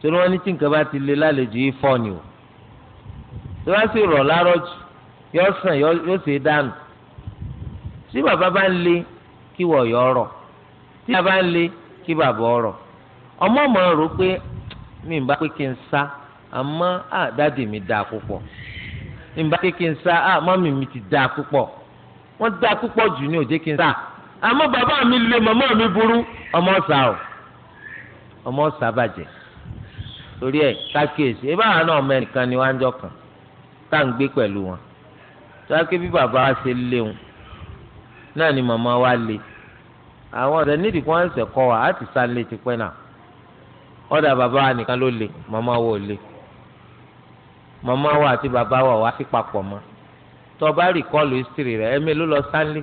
Speaker 1: torí wọn ní tí nǹkan bá ti le lálejò yìí fọ́ ni o tí wọn sì rọ̀ lárọ̀ jù yóò sàn yóò ṣe dànù tí bàbá bá ń le kí wọ yọ ọ̀rọ̀ tí bàbá ń le kí bàbá ọ̀rọ̀ ọmọ ọmọ rò pé mi bá pé kí n sá àmọ́ àdáàdì mi dáa púpọ̀ mi bá pé kí n sá àmọ́ mi ti dáa púpọ̀ wọ́n dáa púpọ̀ jù ní òjé kí n sá àmọ́ bàbá mi lè màmá mi burú ọmọ ọ̀sà o ọmọ ọ̀sà bàjẹ́ torí ẹ̀ kákíyèsí ẹ báwa náà ọmọ ẹnìkan ni wọ́n á jọ kàn tá à ń gbé pẹ̀lú wọn tọ́lá pé bí bàbá wa ṣe léwu náà ni màmá wa lé àwọn ọ̀dọ́ nídìí kí wọ́n ṣẹ̀ kọ́ wa á ti sá lé tipẹ́ náà ọ̀dà bàbá wa nìkan ló lé màmá wa ò lé màmá wa àti bàbá wa wá sí papọ̀ mọ́ tọ́ bá rìkọ́ọ̀lù history rẹ̀ ẹ̀mí ló lọ sánlé.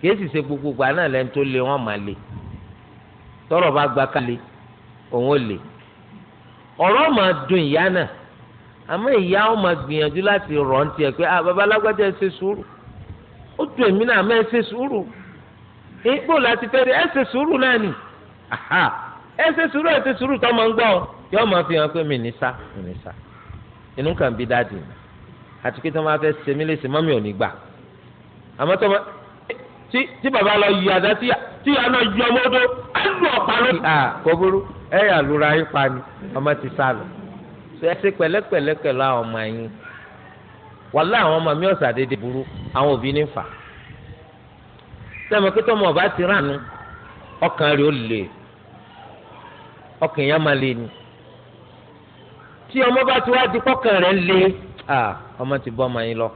Speaker 1: kìí sì ṣe gbogbo gbà náà lẹ́nu tó lé wọn máa lé tọ́rọ̀ bá gba ká lé òun ò lè ọ̀rọ̀ máa dùn ìyá náà àmọ́ ìyá ó máa gbìyànjú láti rọ̀ ń tiẹ̀ pé ah babalágbájá ẹ ṣe sùúrù ó dùn èmi náà àmọ́ ẹ ṣe sùúrù ìgbò láti fẹ́ rí ẹ ṣe sùúrù náà nì ẹ ṣe sùúrù ẹ ṣe sùúrù tó máa ń gbọ́ yóò máa fi hàn pé mi ní sá mi ní sá inú kan bí dáàdì àti pé tó máa fẹ́ ṣe mí léṣe mọ́mí ò ní gbà àmọ́ tó máa tí tí bàbá lọ yí àdá tí
Speaker 2: tí àná yọ mọ́tò
Speaker 1: ẹnu ọ̀pá ló. kò burú ẹ yà lura yín pa ni ọmọ ti sá lọ. ṣé ẹ ṣe pẹ̀lẹ́pẹ̀lẹ́ pẹ̀lú àwọn ọmọ yín wàhálà àwọn ọmọ mi ọ̀sà dédé burú àwọn òbí ní fà. sẹ́mi pété ọmọ ọba ti ránu ọkàn rẹ̀ ó lè ọkàn yẹn máa lè ni.
Speaker 2: tí ọmọ bá ti wá di pọ́kàn rẹ̀ lé
Speaker 1: ọmọ ti bọ́ ọmọ yín lọ.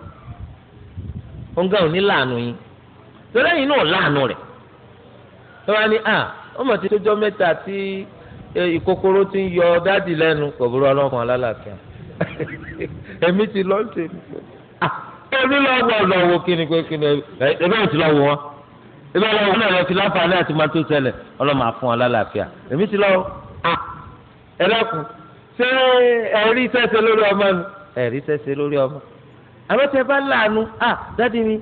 Speaker 1: ó ń gẹ́ òní láàánú yín lẹ́yìn náà láàánú rẹ̀ ẹ wá ní à ah, ọmọ ti tójọ mẹ́ta tí ìkòkòrò ti ń yọ dáàdì lẹ́nu kò burú ọlọ́run alálàáfíà èmi ti lọ ṣe
Speaker 2: èmi ah, lọ́wọ́ lọ́wọ́
Speaker 1: kíni pé kíni ẹbí ò ti lọ́wọ́ wọn ẹbí ọlọ́wọ́ náà lọ fi láǹfààní àti máa tó ṣẹlẹ̀ ọlọ́mọ àfún alálàáfíà èmi ti lọ́wọ́ ah, ẹ lọ́kùn ṣé ẹ̀rí sẹ́sẹ́ lórí ọmọ ẹ̀rí sẹ́sẹ́ lórí ọmọ àbẹ́tẹ̀ bá láàánú à dáàdì mi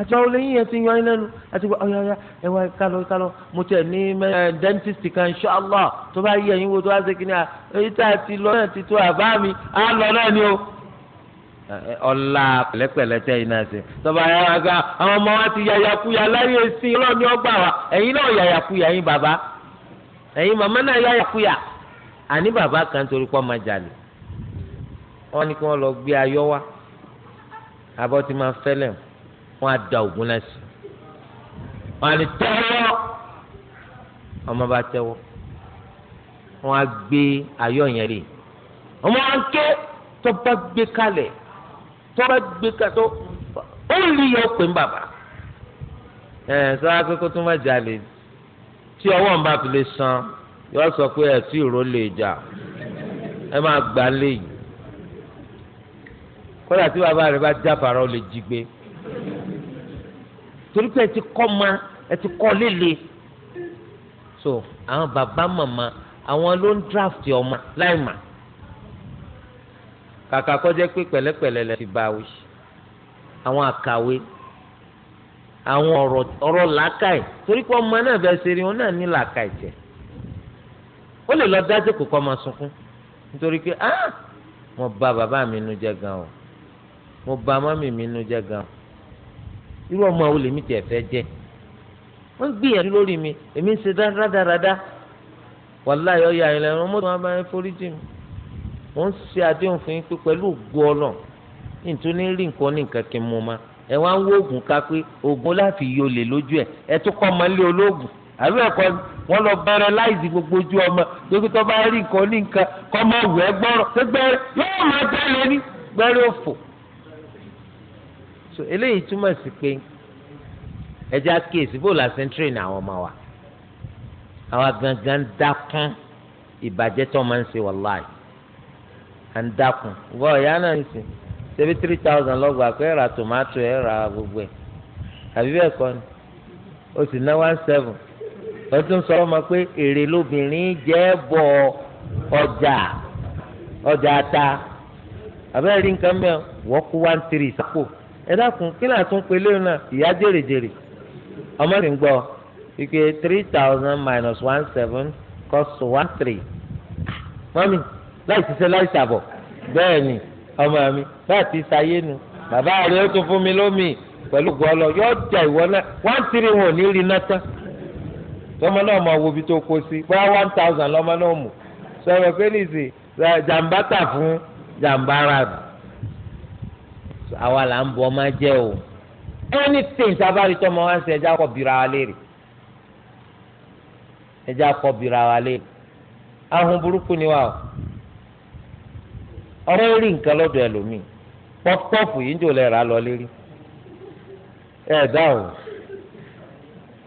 Speaker 1: àti àwọn olóyìn yẹn ti yan ẹ lẹ́nu àti wà ọ̀yà ọ̀yà ẹ wá kálọ̀ kálọ̀ mo tẹ̀ ní dentist kan ṣọ́ọ́lá tó bá yẹ ẹ̀yin wo tó bá ṣe kíní èyí tá a ti lọ náà ti tó àbá mi á lọ náà ni o. ọ̀la pẹ̀lẹ́pẹ̀lẹ́ tẹ́ iná sí tọ́ba yàrá ga àwọn ọmọ wa ti yàyàkuyà láyé sí ọlọ́ọ̀ni ọgbà wa ẹ̀yin náà yàyàkuyà yín bàbá ẹ̀yin màmá náà yàyàkuyà àní bàbá kan torí pọ́ máa jalè wọ́n ní kí wọ́n lọ gbé ayọ́ wa abọ́ ti máa fẹ́lẹ̀ mu wọn á da ògùn náà sí wọn á lè tẹ́wọ́ ọmọ bá tẹ́wọ́ wọn á gbé ayọ̀ yẹn rè ọmọ wa ń ké tó bá gbé kalẹ̀ tó bá gbé kalẹ̀ tó ó lè yọ pé ń bàbá ẹ sọ pé kó tún má jalè tí ọwọ́ ń bá fi lè san yọ sọ pé ẹ tí ìró lè jà ẹ máa gbà léyìí kódà tí bàbá rẹ bá jáfara ó lè jí gbé torí pé ẹ ti kọ́ ma ẹ ti kọ́ lélẹ̀ so àwọn bàbá màmá àwọn ló ń draft ọmọ láì mà kàkà kọjá pé pẹ̀lẹ́pẹ̀lẹ́ lẹ ti bá wí àwọn àkàwé àwọn ọ̀rọ̀ ọ̀rọ̀ làákàyè torí pé ọmọ náà fẹ́ ṣe rí wọn náà ní làákàyè jẹ ó lè lọ dájú kó kọ́ máa sunkún nítorí pé ah mo bà bàbá mi nu jẹ́ gan o mo bà mọ́mì mi nu jẹ́ gan o irú ọmọ àwọn lèmi tiẹ̀ fẹ́ jẹ́ wọ́n gbìyànjú lórí mi èmi ń ṣe rádaràdá wàhálà yọ ya ìlẹ̀ ọmọ tó máa bá yẹn forí jì mí mò ń ṣe àdéhùn fún yín pé pẹ̀lú ògo ọlọ́ nítorí ní rí nǹkan ní nǹkan kí n mú ma ẹ wá ń wo oògùn ká pé oògùn láfi yọ lè lójú ẹ ẹ tún kọ́ ọmọ ilé olóògùn àbí ẹ̀kọ́ wọn lọ bẹ̀rẹ̀ láìsí gbogbo ojú ọmọ gbogbo tó bá rí nǹkan ní nǹkan kọ́ ọmọ òwú ẹ gbọ́rọ̀ gbẹ́rẹ́ yóò máa bẹ́ẹ̀ lé gbẹ́rẹ́ òfò so eléyìí túmọ̀ sí pé ẹja kéèsì bó làásì ń tírèèni àwọn ọmọ wa àwa gangan dákún ìbàjẹ́ tó máa ń ṣe wàláì à ń dákún wọ́n ìyá náà ń sìn ṣebí three thousand lọ́gbà pé ẹ ra tòmátò ẹ ra gbogbo ẹ̀ àbí bẹ́ẹ̀ kọ́ ni o sì ná one seven wọ́n tún sọ ọmọ pé èrè lóbìnrin jẹ́ bọ̀ ọjà ọjà ta àbẹ́rẹ́ rí nǹkan mẹ́ọ̀ wọ́n kú one three sápò ẹ dákun kí náà tún pelé náà ìyá jèrèjèrè ọmọ sì ń gbọ́ ike three thousand minus one seven cost one three mọ́mí láì ṣiṣẹ́ láì ṣàbọ̀ bẹ́ẹ̀ ni ọmọ mi bá ti ṣayé nu bàbá rẹ̀ ó tún fún mi lómi pẹ̀lú gọ́ọ̀lọ yóò jà ìwọ náà one three wọn ò ní rí náà tán tọmọ náà mọ wo ibi tó kó sí bá one thousand lọmọ náà mú sọ̀rọ̀ pé nìsí jàǹbá tà fún jàǹbá ara rẹ̀ àwa là ń bọ ọmọ jẹ o anything tábàárí tọmọ wa ń sẹ ẹjá kọ bìrà wa léèrè ẹjá kọ bìrà wa léèrè ahun burúkú ni wa o ọmọ rí nǹkan lọ́dọ̀ ẹlòmíì pọfupọfu yìí ń jò lẹra lọ lérí ẹ dáhùn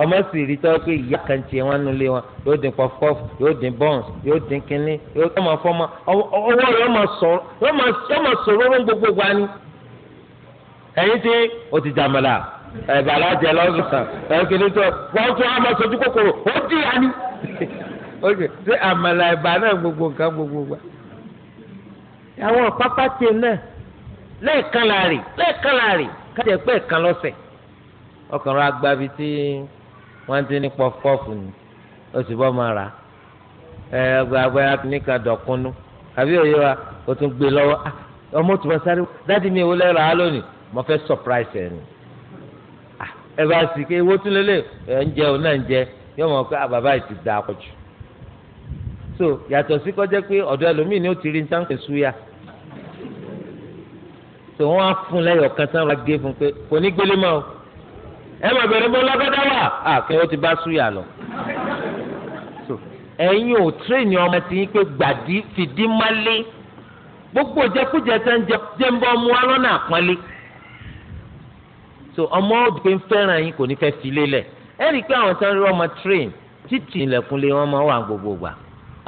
Speaker 1: ọmọ sì rí tọ́ pé ìyá kan tiẹ̀ wọn nulẹ̀ wọn yóò dín pọfupọfu yóò dín bọ́ǹs yóò dín kínní yóò tó máa fọ́mọ ọwọ́ yóò máa sọ̀rọ̀ yóò máa sọ̀rọ̀ ló gbogbo wa ni ẹ̀yin tí o ti jàmàlà ẹ̀bà alájẹ lọ́sàn ẹ̀yin kìíní tó wọ́n tún á sojú kòkòrò ó dì á ní. ṣé ẹ̀bà náà gbogbo nǹkan gbogbo gbà. àwọn pápá tiẹ̀ náà lẹ́ẹ̀kan lẹ́ẹ̀kan lọ́sẹ̀ ọkàn rẹ agbábi tí wọ́n ti ní pọfupọ́fù ni sì bọ́ máa rà ẹ dọ̀kúnnú àbí òye wa o tún gbé lọ́wọ́ ah, mo fẹ́ surprise ẹ̀ ni ah, ẹ bá sì ké ewó tún lélẹ̀ ẹ̀ ń jẹ òun náà ń jẹ yóò mọ̀ pé àbàbà ah, yìí ti da àkọ́jù so yàtọ̀ sí kọjá pé ọ̀dọ̀ ẹlòmíì ni ó ti rí ní táǹkì súyà so wọ́n á fún lẹ́yìn ọ̀kan tán wọ́n á gé fún pé kò ní gbélé mọ́ ẹ mọ̀ bẹ̀rẹ̀ bọ́ lọ́gọ́dá wà á ah, kí wọ́n ti bá súyà lọ so ẹ̀yin ò tírèèni ọmọ ti yín pé gbàdí fìdí málé gbogbo jẹkújẹ tẹ́ ń jẹ ń bọ́ mu alọ́nà àpọ́nlé so ọmọ òdìpé ń fẹ́ràn yín kò ní fẹ́ fi lélẹ̀ ẹ rí i pé àwọn sáré ọmọ train títì ilẹ̀kùn lé wọn máa wà gbogbo gbà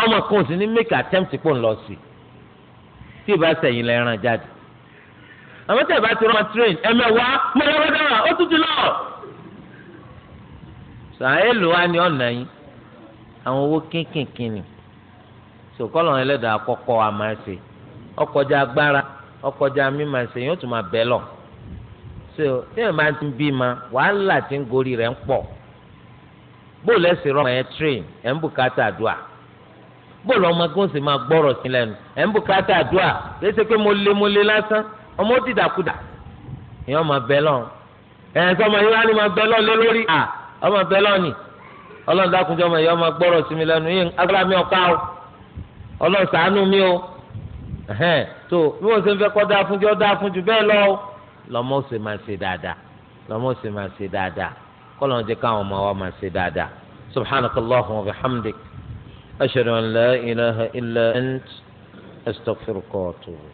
Speaker 1: ọmọ kan ò sí ní make attempt pò ń lọ sí tí ì bá sẹ̀yìn lẹ́ràn jáde àmọ́ tẹ̀ bá ti rán train ẹ̀mẹ̀wá mọ̀lẹ́wọ́dára ó tún ti lọ. sàáyélù wa ni ọ̀nà yín àwọn owó kínkìnkín ni sòkòlò ẹlẹ́dàá àkọ́kọ́ wa máa ṣe ọkọjá agbára ọkọjá mímà ṣe yóò tún máa bẹ́ lọ. so téèyàn bá ti ń bí ma wàhálà ti ń gorí rẹ ń pọ bóòlù ẹ̀sìn rọmọ ẹ̀ train ń bùkátà dùà bóòlù ọmọ gún sì máa gbọ́rọ̀ sí lẹ́nu ẹ̀ ń bùkátà dùà pé mo lé mo lé lásán ọmọ dìdàkudà ìyẹn ọmọ sọmọ yìí ní ma bẹ́ẹ̀ lé lórí à ọmọ ọlọ́run ọmọ ìyẹn ọmọ gbọ́rọ̀ sí mi lẹ́nu yìí agbára mi lọ́mọ òsè máa ṣe dáadáa lọ́mọ òsè máa ṣe dáadáa kọ́lọ́ ń jẹ́ káwọn ọmọ wa máa ṣe dáadáa subhanaka allahumma wa bihamdik ashhadu an la ilaha illa ant astaghfiruka wa atubu.